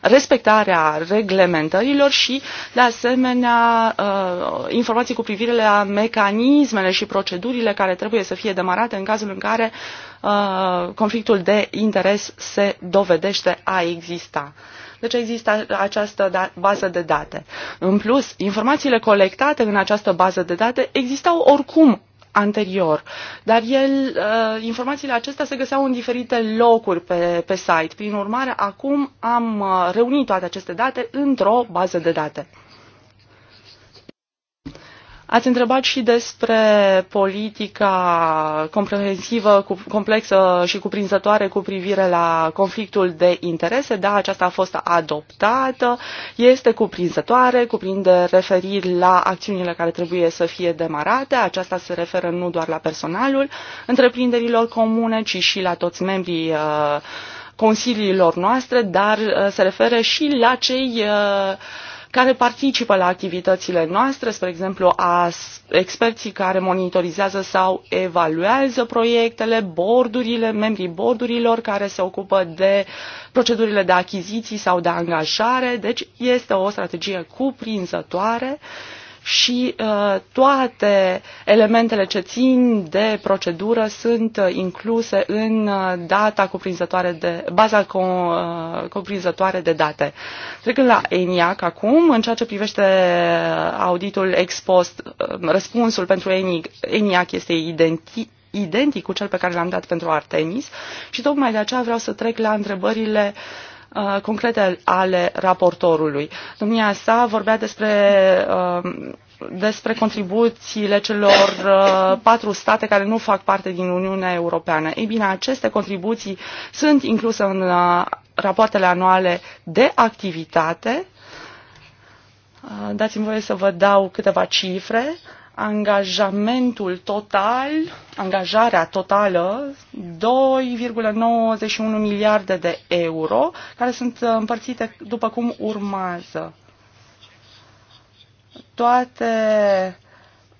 respectarea reglementărilor și, de asemenea, uh, informații cu privire la mecanismele și procedurile care trebuie să fie demarate în cazul în care uh, conflictul de interes se dovedește a exista. Deci există această da, bază de date. În plus, informațiile colectate în această bază de date existau oricum anterior. Dar el, uh, informațiile acestea se găseau în diferite locuri pe, pe site. Prin urmare, acum am uh, reunit toate aceste date într-o bază de date. Ați întrebat și despre politica comprehensivă, complexă și cuprinzătoare cu privire la conflictul de interese. Da, aceasta a fost adoptată, este cuprinzătoare, cuprinde referiri la acțiunile care trebuie să fie demarate. Aceasta se referă nu doar la personalul întreprinderilor comune, ci și la toți membrii uh, consiliilor noastre, dar uh, se referă și la cei uh, care participă la activitățile noastre, spre exemplu a experții care monitorizează sau evaluează proiectele, bordurile, membrii bordurilor care se ocupă de procedurile de achiziții sau de angajare. Deci este o strategie cuprinzătoare uh, și uh, toate elementele ce țin de procedură sunt uh, incluse în uh, data cuprinzătoare de, baza cuprinzătoare de date. Trecând la ENIAC acum, în ceea ce privește auditul expost, răspunsul pentru ENIAC este identic identic cu cel pe care l-am dat pentru Artemis și tocmai de aceea vreau să trec la întrebările uh, Uh, concrete ale raportorului. Domnia sa vorbea despre uh, despre contribuțiile celor uh, patru state care nu fac parte din Uniunea Europeană. Ei bine, aceste contribuții sunt incluse în rapoartele anuale de activitate. Dați-mi voie să vă dau câteva cifre angajamentul total, angajarea totală, 2,91 miliarde de euro, care sunt uh, împărțite după cum urmează. Toate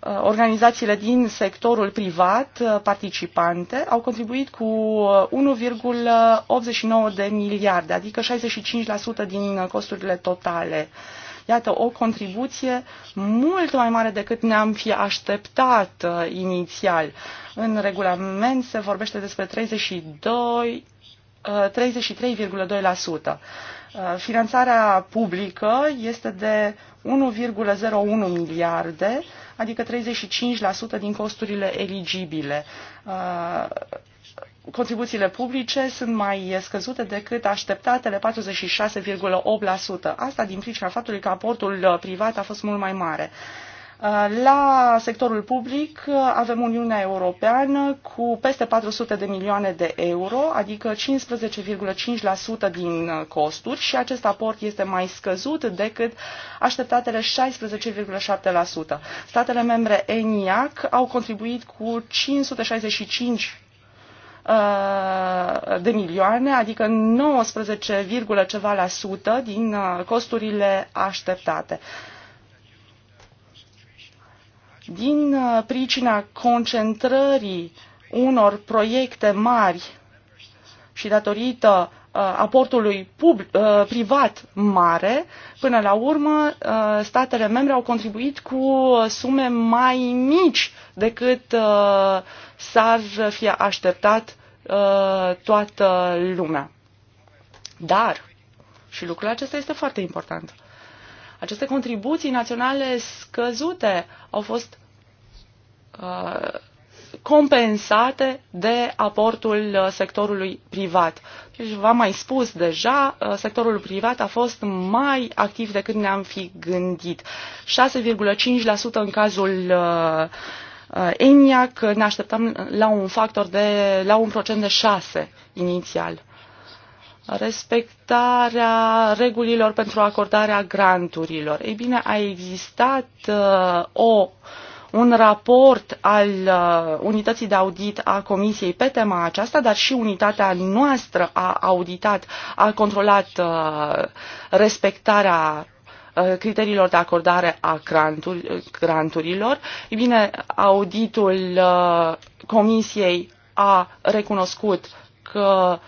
uh, organizațiile din sectorul privat uh, participante au contribuit cu 1,89 de miliarde, adică 65% din costurile totale. Iată o contribuție mult mai mare decât ne-am fi așteptat uh, inițial. În regulament se vorbește despre 32 33,2%. Uh, uh, finanțarea publică este de 1,01 miliarde, adică 35% din costurile eligibile contribuțiile publice sunt mai scăzute decât așteptatele 46,8%. Asta din pricina faptului că aportul uh, privat a fost mult mai mare. Uh, la sectorul public uh, avem Uniunea Europeană cu peste 400 de milioane de euro, adică 15,5% din costuri și acest aport este mai scăzut decât așteptatele 16,7%. Statele membre ENIAC au contribuit cu 565 Uh, de milioane, adică 19, ceva la sută din uh, costurile așteptate. Din uh, pricina concentrării unor proiecte mari și datorită aportului privat mare, până la urmă statele membre au contribuit cu sume mai mici decât s-ar fi așteptat uh, toată lumea. Dar, și lucrul acesta este foarte important, aceste contribuții naționale scăzute au fost uh, compensate de aportul uh, sectorului privat. Și deci, v-am mai spus deja, uh, sectorul privat a fost mai activ decât ne-am fi gândit. 6,5% în cazul uh, Uh, ENIAC uh, ne așteptăm la un factor de, la un procent de șase inițial. Respectarea regulilor pentru acordarea granturilor. Ei bine, a existat uh, o un raport al uh, unității de audit a Comisiei pe tema aceasta, dar și unitatea noastră a auditat, a controlat uh, respectarea Uh, criteriilor de acordare a granturilor. Ei bine, auditul uh, Comisiei a recunoscut că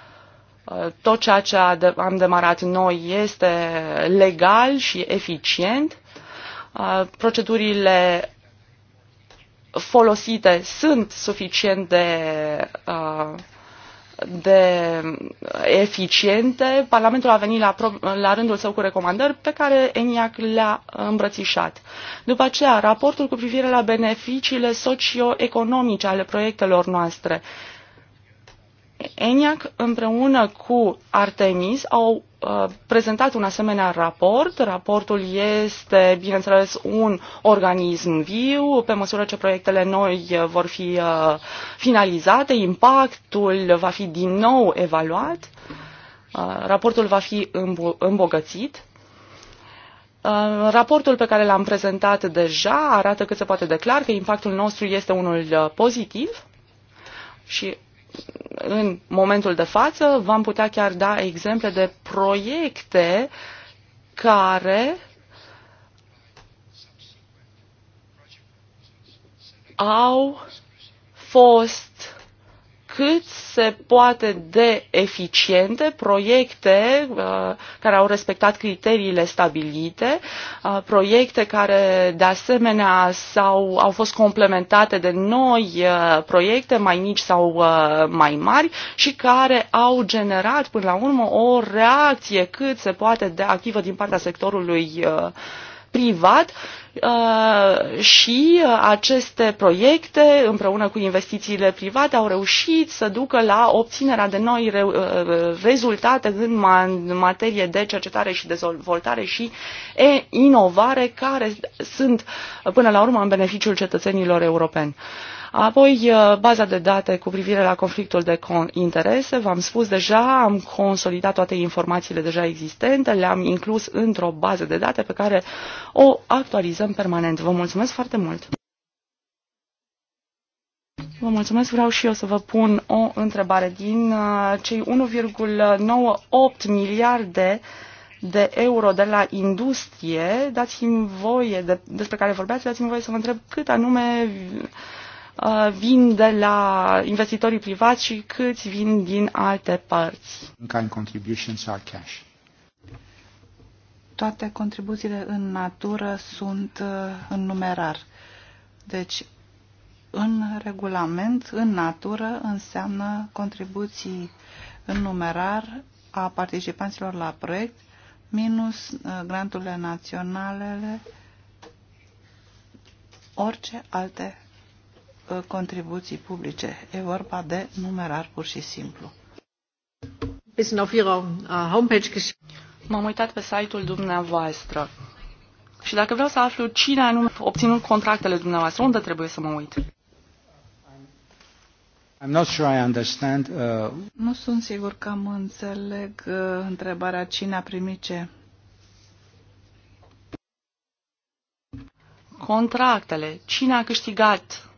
uh, tot ceea ce am demarat noi este legal și eficient. Procedurile folosite sunt suficient de de eficiente, Parlamentul a venit la, la rândul său cu recomandări pe care ENIAC le-a îmbrățișat. După aceea, raportul cu privire la beneficiile socioeconomice ale proiectelor noastre. ENIAC împreună cu Artemis au uh, prezentat un asemenea raport. Raportul este, bineînțeles, un organism viu. Pe măsură ce proiectele noi uh, vor fi uh, finalizate, impactul va fi din nou evaluat, uh, raportul va fi îmb îmbogățit. Uh, raportul pe care l-am prezentat deja arată cât se poate declar că impactul nostru este unul uh, pozitiv și în momentul de față v-am putea chiar da exemple de proiecte care au fost cât se poate de eficiente proiecte uh, care au respectat criteriile stabilite, uh, proiecte care de asemenea s-au au fost complementate de noi uh, proiecte mai mici sau mai mari și care au generat până la urmă o reacție cât se poate de activă din partea sectorului privat Uh, și uh, aceste proiecte, împreună cu investițiile private, au reușit să ducă la obținerea de noi uh, rezultate în materie de cercetare și dezvoltare și e inovare, care sunt până la urmă în beneficiul cetățenilor europeni. Apoi, uh, baza de date cu privire la conflictul de interese, v-am spus deja, am consolidat toate informațiile deja existente, le-am inclus într-o bază de date pe care o actualizăm permanent. Vă mulțumesc foarte mult! Vă mulțumesc, vreau și eu să vă pun o întrebare. Din uh, cei 1,98 miliarde de euro de la industrie, dați-mi voie, de, despre care vorbeați, dați-mi voie să vă întreb cât anume Uh, vin de la investitorii privați și câți vin din alte părți. Kind contributions are cash. Toate contribuțiile în natură sunt uh, în numerar. Deci, în regulament, în natură, înseamnă contribuții în numerar a participanților la proiect minus uh, granturile naționale, orice alte Uh, contribuții publice. E vorba de numerar pur și simplu. Uh, M-am uitat pe site-ul dumneavoastră și dacă vreau să aflu cine anume a obținut contractele dumneavoastră, unde trebuie să mă uit? I'm not sure I understand, uh... Nu sunt sigur că mă înțeleg uh, întrebarea cine a primit ce. Contractele. Cine a câștigat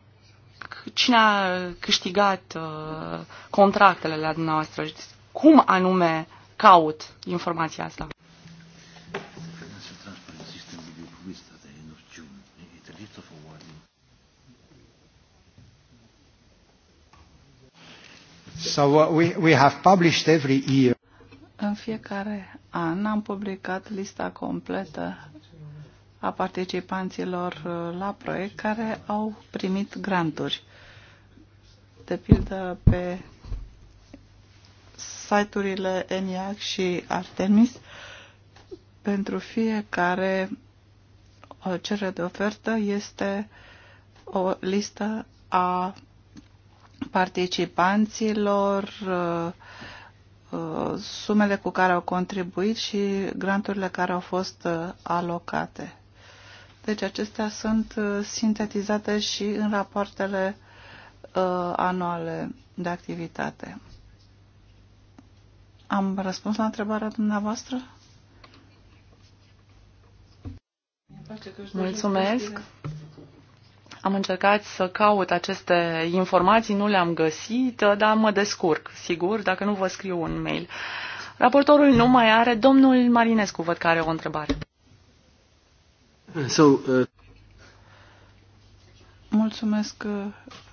cine a câștigat uh, contractele la dumneavoastră? Cum anume caut informația asta? So uh, we, we have published every year. În fiecare an am publicat lista completă a participanților uh, la proiect care au primit granturi de pildă pe site-urile ENIAC și Artemis pentru fiecare cerere de ofertă este o listă a participanților, uh, uh, sumele cu care au contribuit și granturile care au fost uh, alocate. Deci acestea sunt sintetizate și în rapoartele Uh, anuale de activitate. Am răspuns la întrebarea dumneavoastră? Mulțumesc. Am încercat să caut aceste informații, nu le-am găsit, uh, dar mă descurc, sigur, dacă nu vă scriu un mail. Raportorul nu mai are. Domnul Marinescu, văd că are o întrebare. So, uh... Mulțumesc, uh,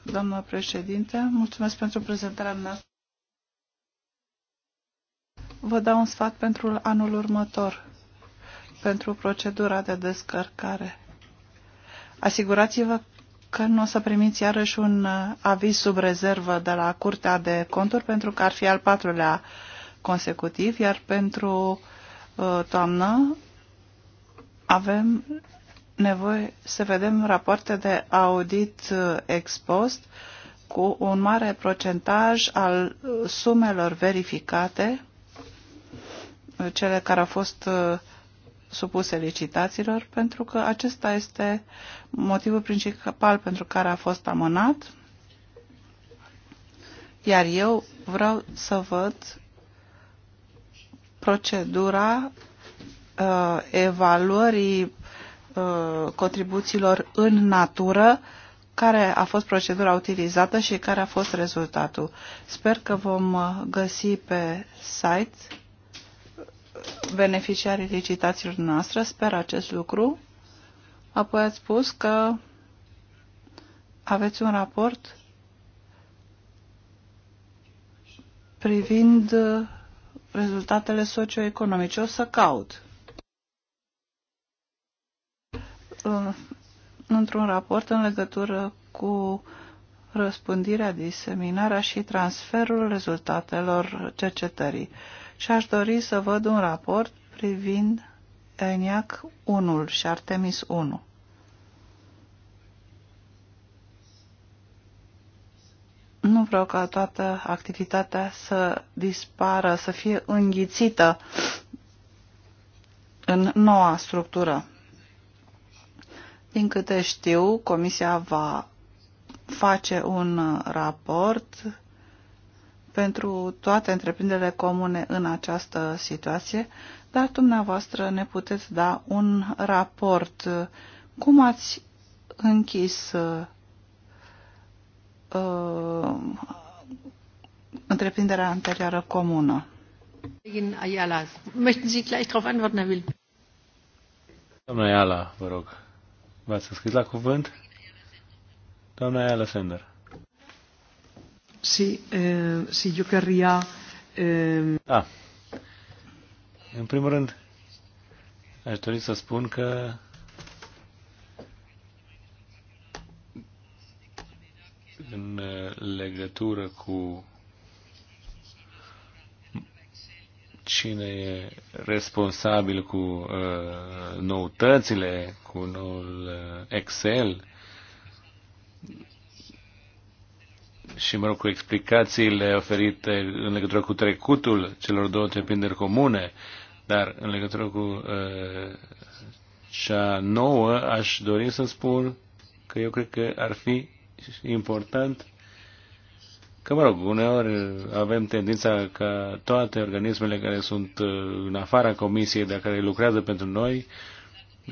doamna președinte. Mulțumesc pentru prezentarea mea. Vă dau un sfat pentru anul următor, pentru procedura de descărcare. Asigurați-vă că nu o să primiți iarăși un uh, aviz sub rezervă de la Curtea de Conturi, pentru că ar fi al patrulea consecutiv, iar pentru uh, toamnă avem nevoie să vedem rapoarte de audit uh, ex post cu un mare procentaj al uh, sumelor verificate, uh, cele care au fost supuse licitațiilor, pentru că acesta este motivul principal pentru care a fost amânat. Iar eu vreau să văd procedura uh, evaluării Uh, contribuțiilor în natură, care a fost procedura utilizată și care a fost rezultatul. Sper că vom uh, găsi pe site beneficiarii licitațiilor noastre, sper acest lucru. Apoi ați spus că aveți un raport privind uh, rezultatele socioeconomice. O să caut Uh, într-un raport în legătură cu răspândirea, diseminarea și transferul rezultatelor cercetării. Și aș dori să văd un raport privind ENIAC 1 și Artemis 1. Nu vreau ca toată activitatea să dispară, să fie înghițită în noua structură. Din câte știu, Comisia va face un raport pentru toate întreprinderile comune în această situație, dar dumneavoastră ne puteți da un raport. Cum ați închis uh, întreprinderea anterioară comună? Doamna Ayala, vă rog. V-ați înscris la cuvânt? Doamna Ayala Sender. Sí, eh, sí, yo querría... Eh... Ah. În primul rând, aș dori să spun că în eh, legătură cu cine e responsabil cu uh, noutățile, cu noul uh, Excel și, mă rog, cu explicațiile oferite în legătură cu trecutul celor două întreprinderi comune, dar în legătură cu uh, cea nouă aș dori să spun că eu cred că ar fi important Că, mă rog, uneori avem tendința ca toate organismele care sunt uh, în afara comisiei, dar care lucrează pentru noi,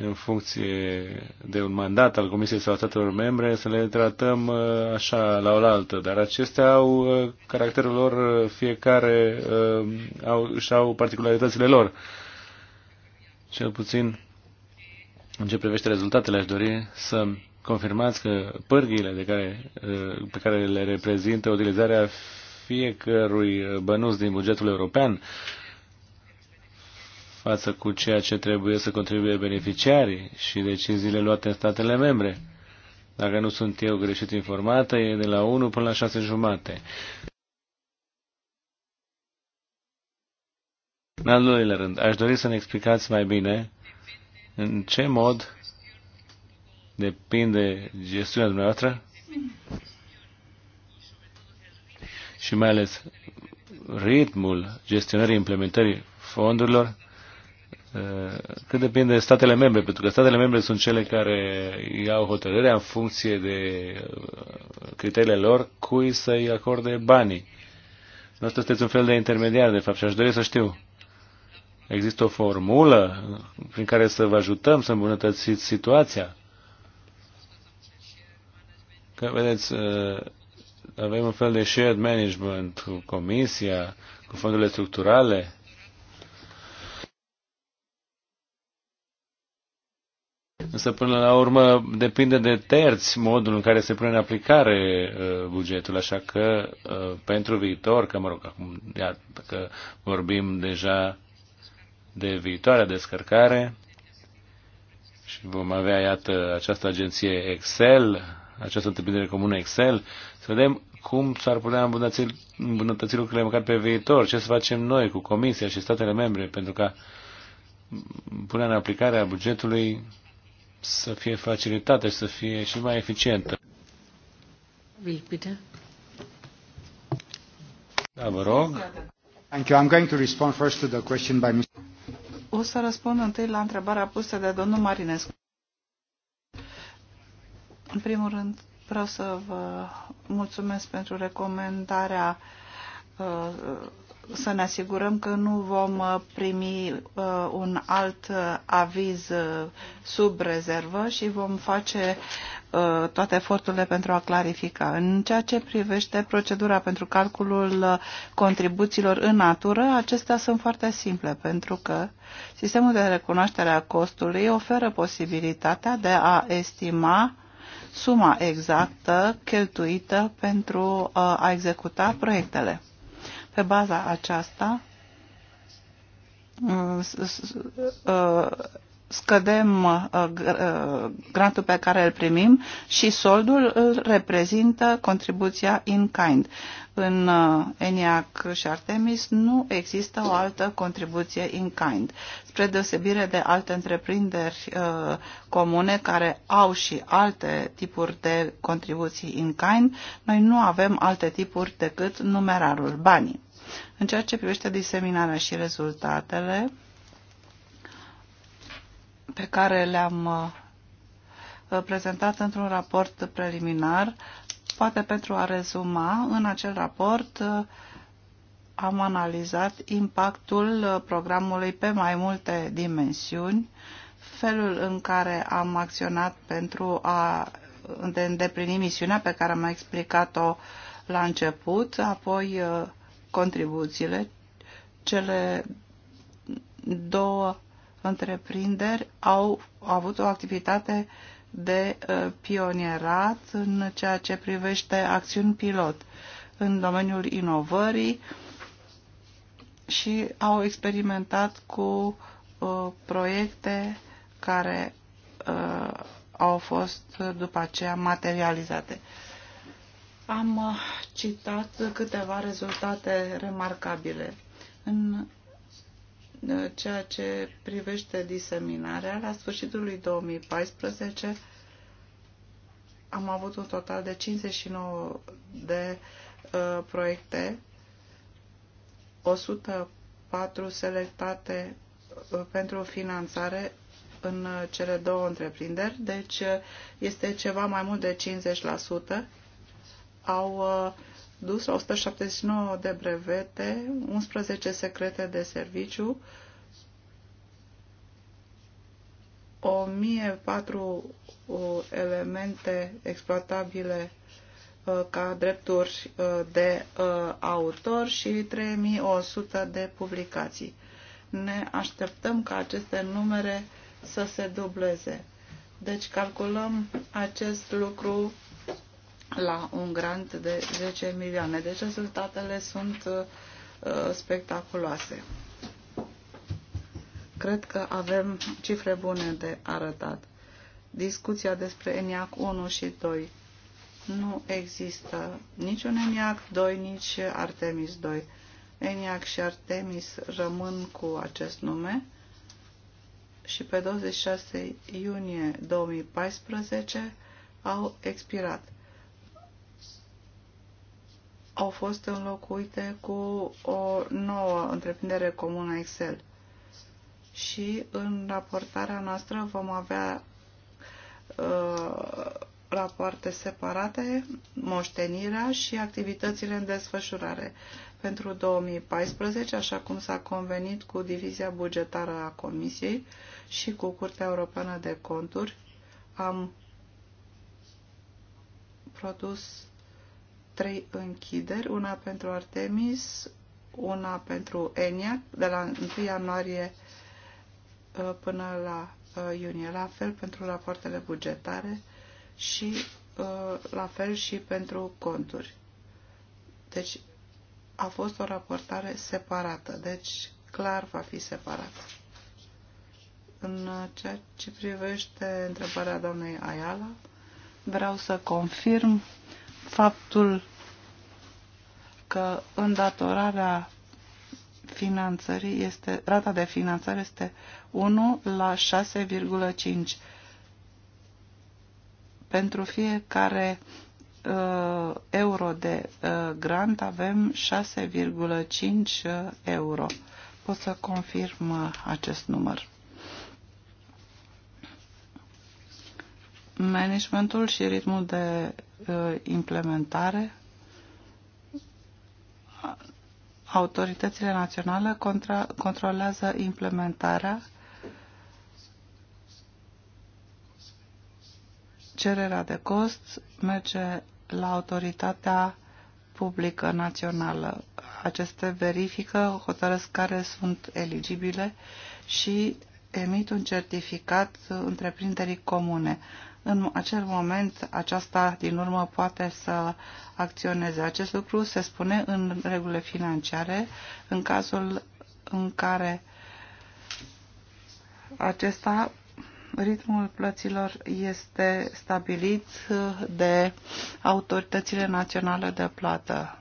în funcție de un mandat al Comisiei sau statelor membre, să le tratăm uh, așa, la oaltă. Dar acestea au uh, caracterul lor, fiecare au, și au particularitățile lor. Cel puțin, în ce privește rezultatele, aș dori să confirmați că pârghiile de care, uh, pe care le reprezintă utilizarea fiecărui bănuț din bugetul european față cu ceea ce trebuie să contribuie beneficiarii și deciziile luate în statele membre. Dacă nu sunt eu greșit informată, e de la 1 până la 6 jumate. În al doilea rând, aș dori să ne explicați mai bine în ce mod depinde gestiunea dumneavoastră și mai ales ritmul gestionării implementării fondurilor uh, cât depinde de statele membre, pentru că statele membre sunt cele care iau hotărârea în funcție de uh, criteriile lor cui să-i acorde banii. Noastră sunteți un fel de intermediar, de fapt, și aș dori să știu. Există o formulă prin care să vă ajutăm să îmbunătățiți situația? Că, vedeți, ă, avem un fel de shared management cu Comisia, cu fondurile structurale. Însă, până la urmă, depinde de terți modul în care se pune în aplicare uh, bugetul, așa că uh, pentru viitor, că, mă rog, acum iată că vorbim deja de viitoarea descărcare și vom avea, iată, această agenție Excel, această întâlnire comună Excel, să vedem cum s-ar putea îmbunătăți, îmbunătăți lucrurile măcar pe viitor, ce să facem noi cu Comisia și statele membre pentru ca punerea în aplicare a bugetului să fie facilitată și să fie și mai eficientă. Da, vă rog. Thank you. I'm going to respond first to the question by Mr. O să răspund întâi la întrebarea pusă de domnul Marinescu. În primul rând, vreau să vă mulțumesc pentru recomandarea uh, să ne asigurăm că nu vom uh, primi uh, un alt aviz sub rezervă și vom face toate eforturile pentru a clarifica. În ceea ce privește procedura pentru calculul contribuțiilor în natură, acestea sunt foarte simple, pentru că sistemul de recunoaștere a costului oferă posibilitatea de a estima suma exactă cheltuită pentru uh, a executa proiectele. Pe baza aceasta uh, uh, scădem grantul pe care îl primim și soldul îl reprezintă contribuția in kind în uh, ENIAC și Artemis nu există o altă contribuție in-kind, spre deosebire de alte întreprinderi uh, comune care au și alte tipuri de contribuții in-kind, noi nu avem alte tipuri decât numerarul banii. În ceea ce privește diseminarea și rezultatele pe care le-am uh, prezentat într-un raport preliminar, Poate pentru a rezuma, în acel raport uh, am analizat impactul uh, programului pe mai multe dimensiuni, felul în care am acționat pentru a uh, îndeplini misiunea pe care am explicat-o la început, apoi contribuțiile, cele două întreprinderi au, au avut o activitate de uh, pionierat în ceea ce privește acțiuni pilot în domeniul inovării și au experimentat cu uh, proiecte care uh, au fost după aceea materializate. Am citat câteva rezultate remarcabile. În ceea ce privește diseminarea, la sfârșitul lui 2014 am avut un total de 59 de uh, proiecte, 104 selectate uh, pentru finanțare în uh, cele două întreprinderi, deci uh, este ceva mai mult de 50%. Au uh, dus la 179 de brevete, 11 secrete de serviciu, 1004 uh, elemente exploatabile uh, ca drepturi uh, de autor și 3100 de publicații. Ne așteptăm ca aceste numere să se dubleze. Deci calculăm acest lucru la un grant de 10 milioane. Deci rezultatele sunt uh, spectaculoase. Cred că avem cifre bune de arătat. Discuția despre ENIAC 1 și 2. Nu există niciun ENIAC 2, nici Artemis 2. ENIAC și Artemis rămân cu acest nume și pe 26 iunie 2014 au expirat au fost înlocuite cu o nouă întreprindere comună Excel. Și în raportarea noastră vom avea uh, rapoarte separate, moștenirea și activitățile în desfășurare. Pentru 2014, așa cum s-a convenit cu Divizia Bugetară a Comisiei și cu Curtea Europeană de Conturi, am produs trei închideri, una pentru Artemis, una pentru ENIAC, de la 1 ianuarie uh, până la uh, iunie, la fel pentru rapoartele bugetare și uh, la fel și pentru conturi. Deci a fost o raportare separată, deci clar va fi separată. În ceea ce privește întrebarea doamnei Ayala, vreau să confirm faptul că îndatorarea finanțării este, rata de finanțare este 1 la 6,5 pentru fiecare uh, euro de uh, grant avem 6,5 uh, euro. Pot să confirm uh, acest număr. managementul și ritmul de uh, implementare autoritățile naționale contra, controlează implementarea cererea de cost merge la autoritatea publică națională. Aceste verifică, hotărăsc care sunt eligibile și emit un certificat întreprinderii comune în acel moment aceasta din urmă poate să acționeze. Acest lucru se spune în regulile financiare în cazul în care acesta ritmul plăților este stabilit de autoritățile naționale de plată.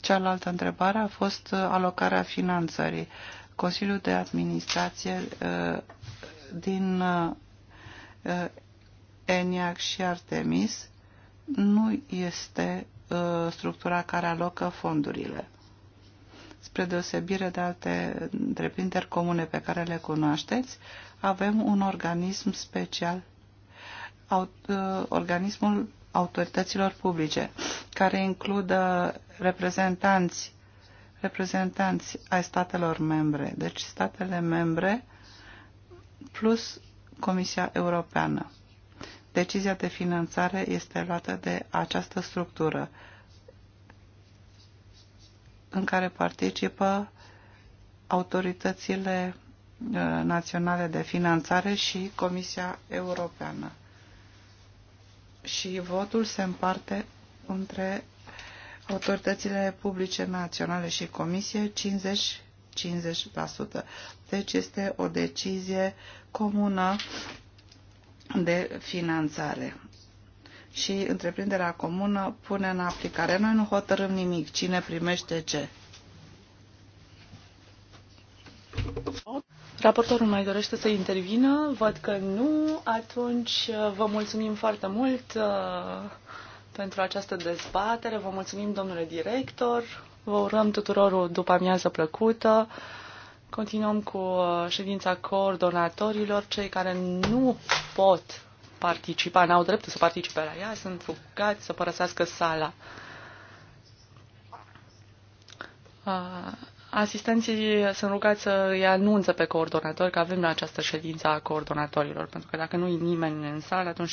Cealaltă întrebare a fost alocarea finanțării. Consiliul de Administrație eh, din Uh, ENIAC și Artemis nu este uh, structura care alocă fondurile. Spre deosebire de alte întreprinderi comune pe care le cunoașteți, avem un organism special, uh, organismul autorităților publice, care includă reprezentanți, reprezentanți ai statelor membre. Deci statele membre plus Comisia Europeană. Decizia de finanțare este luată de această structură în care participă autoritățile uh, naționale de finanțare și Comisia Europeană. Și votul se împarte între autoritățile publice naționale și Comisie 50 50%. Deci este o decizie comună de finanțare. Și întreprinderea comună pune în aplicare. Noi nu hotărâm nimic, cine primește ce. Raportorul mai dorește să intervină? Văd că nu. Atunci uh, vă mulțumim foarte mult uh, pentru această dezbatere. Vă mulțumim, domnule director. Vă urăm tuturor o după amiază plăcută. Continuăm cu uh, ședința coordonatorilor. Cei care nu pot participa, n-au dreptul să participe la ea, sunt rugați să părăsească sala. Uh, asistenții sunt rugați să îi anunță pe coordonatori că avem la această ședință a coordonatorilor, pentru că dacă nu e nimeni în sală, atunci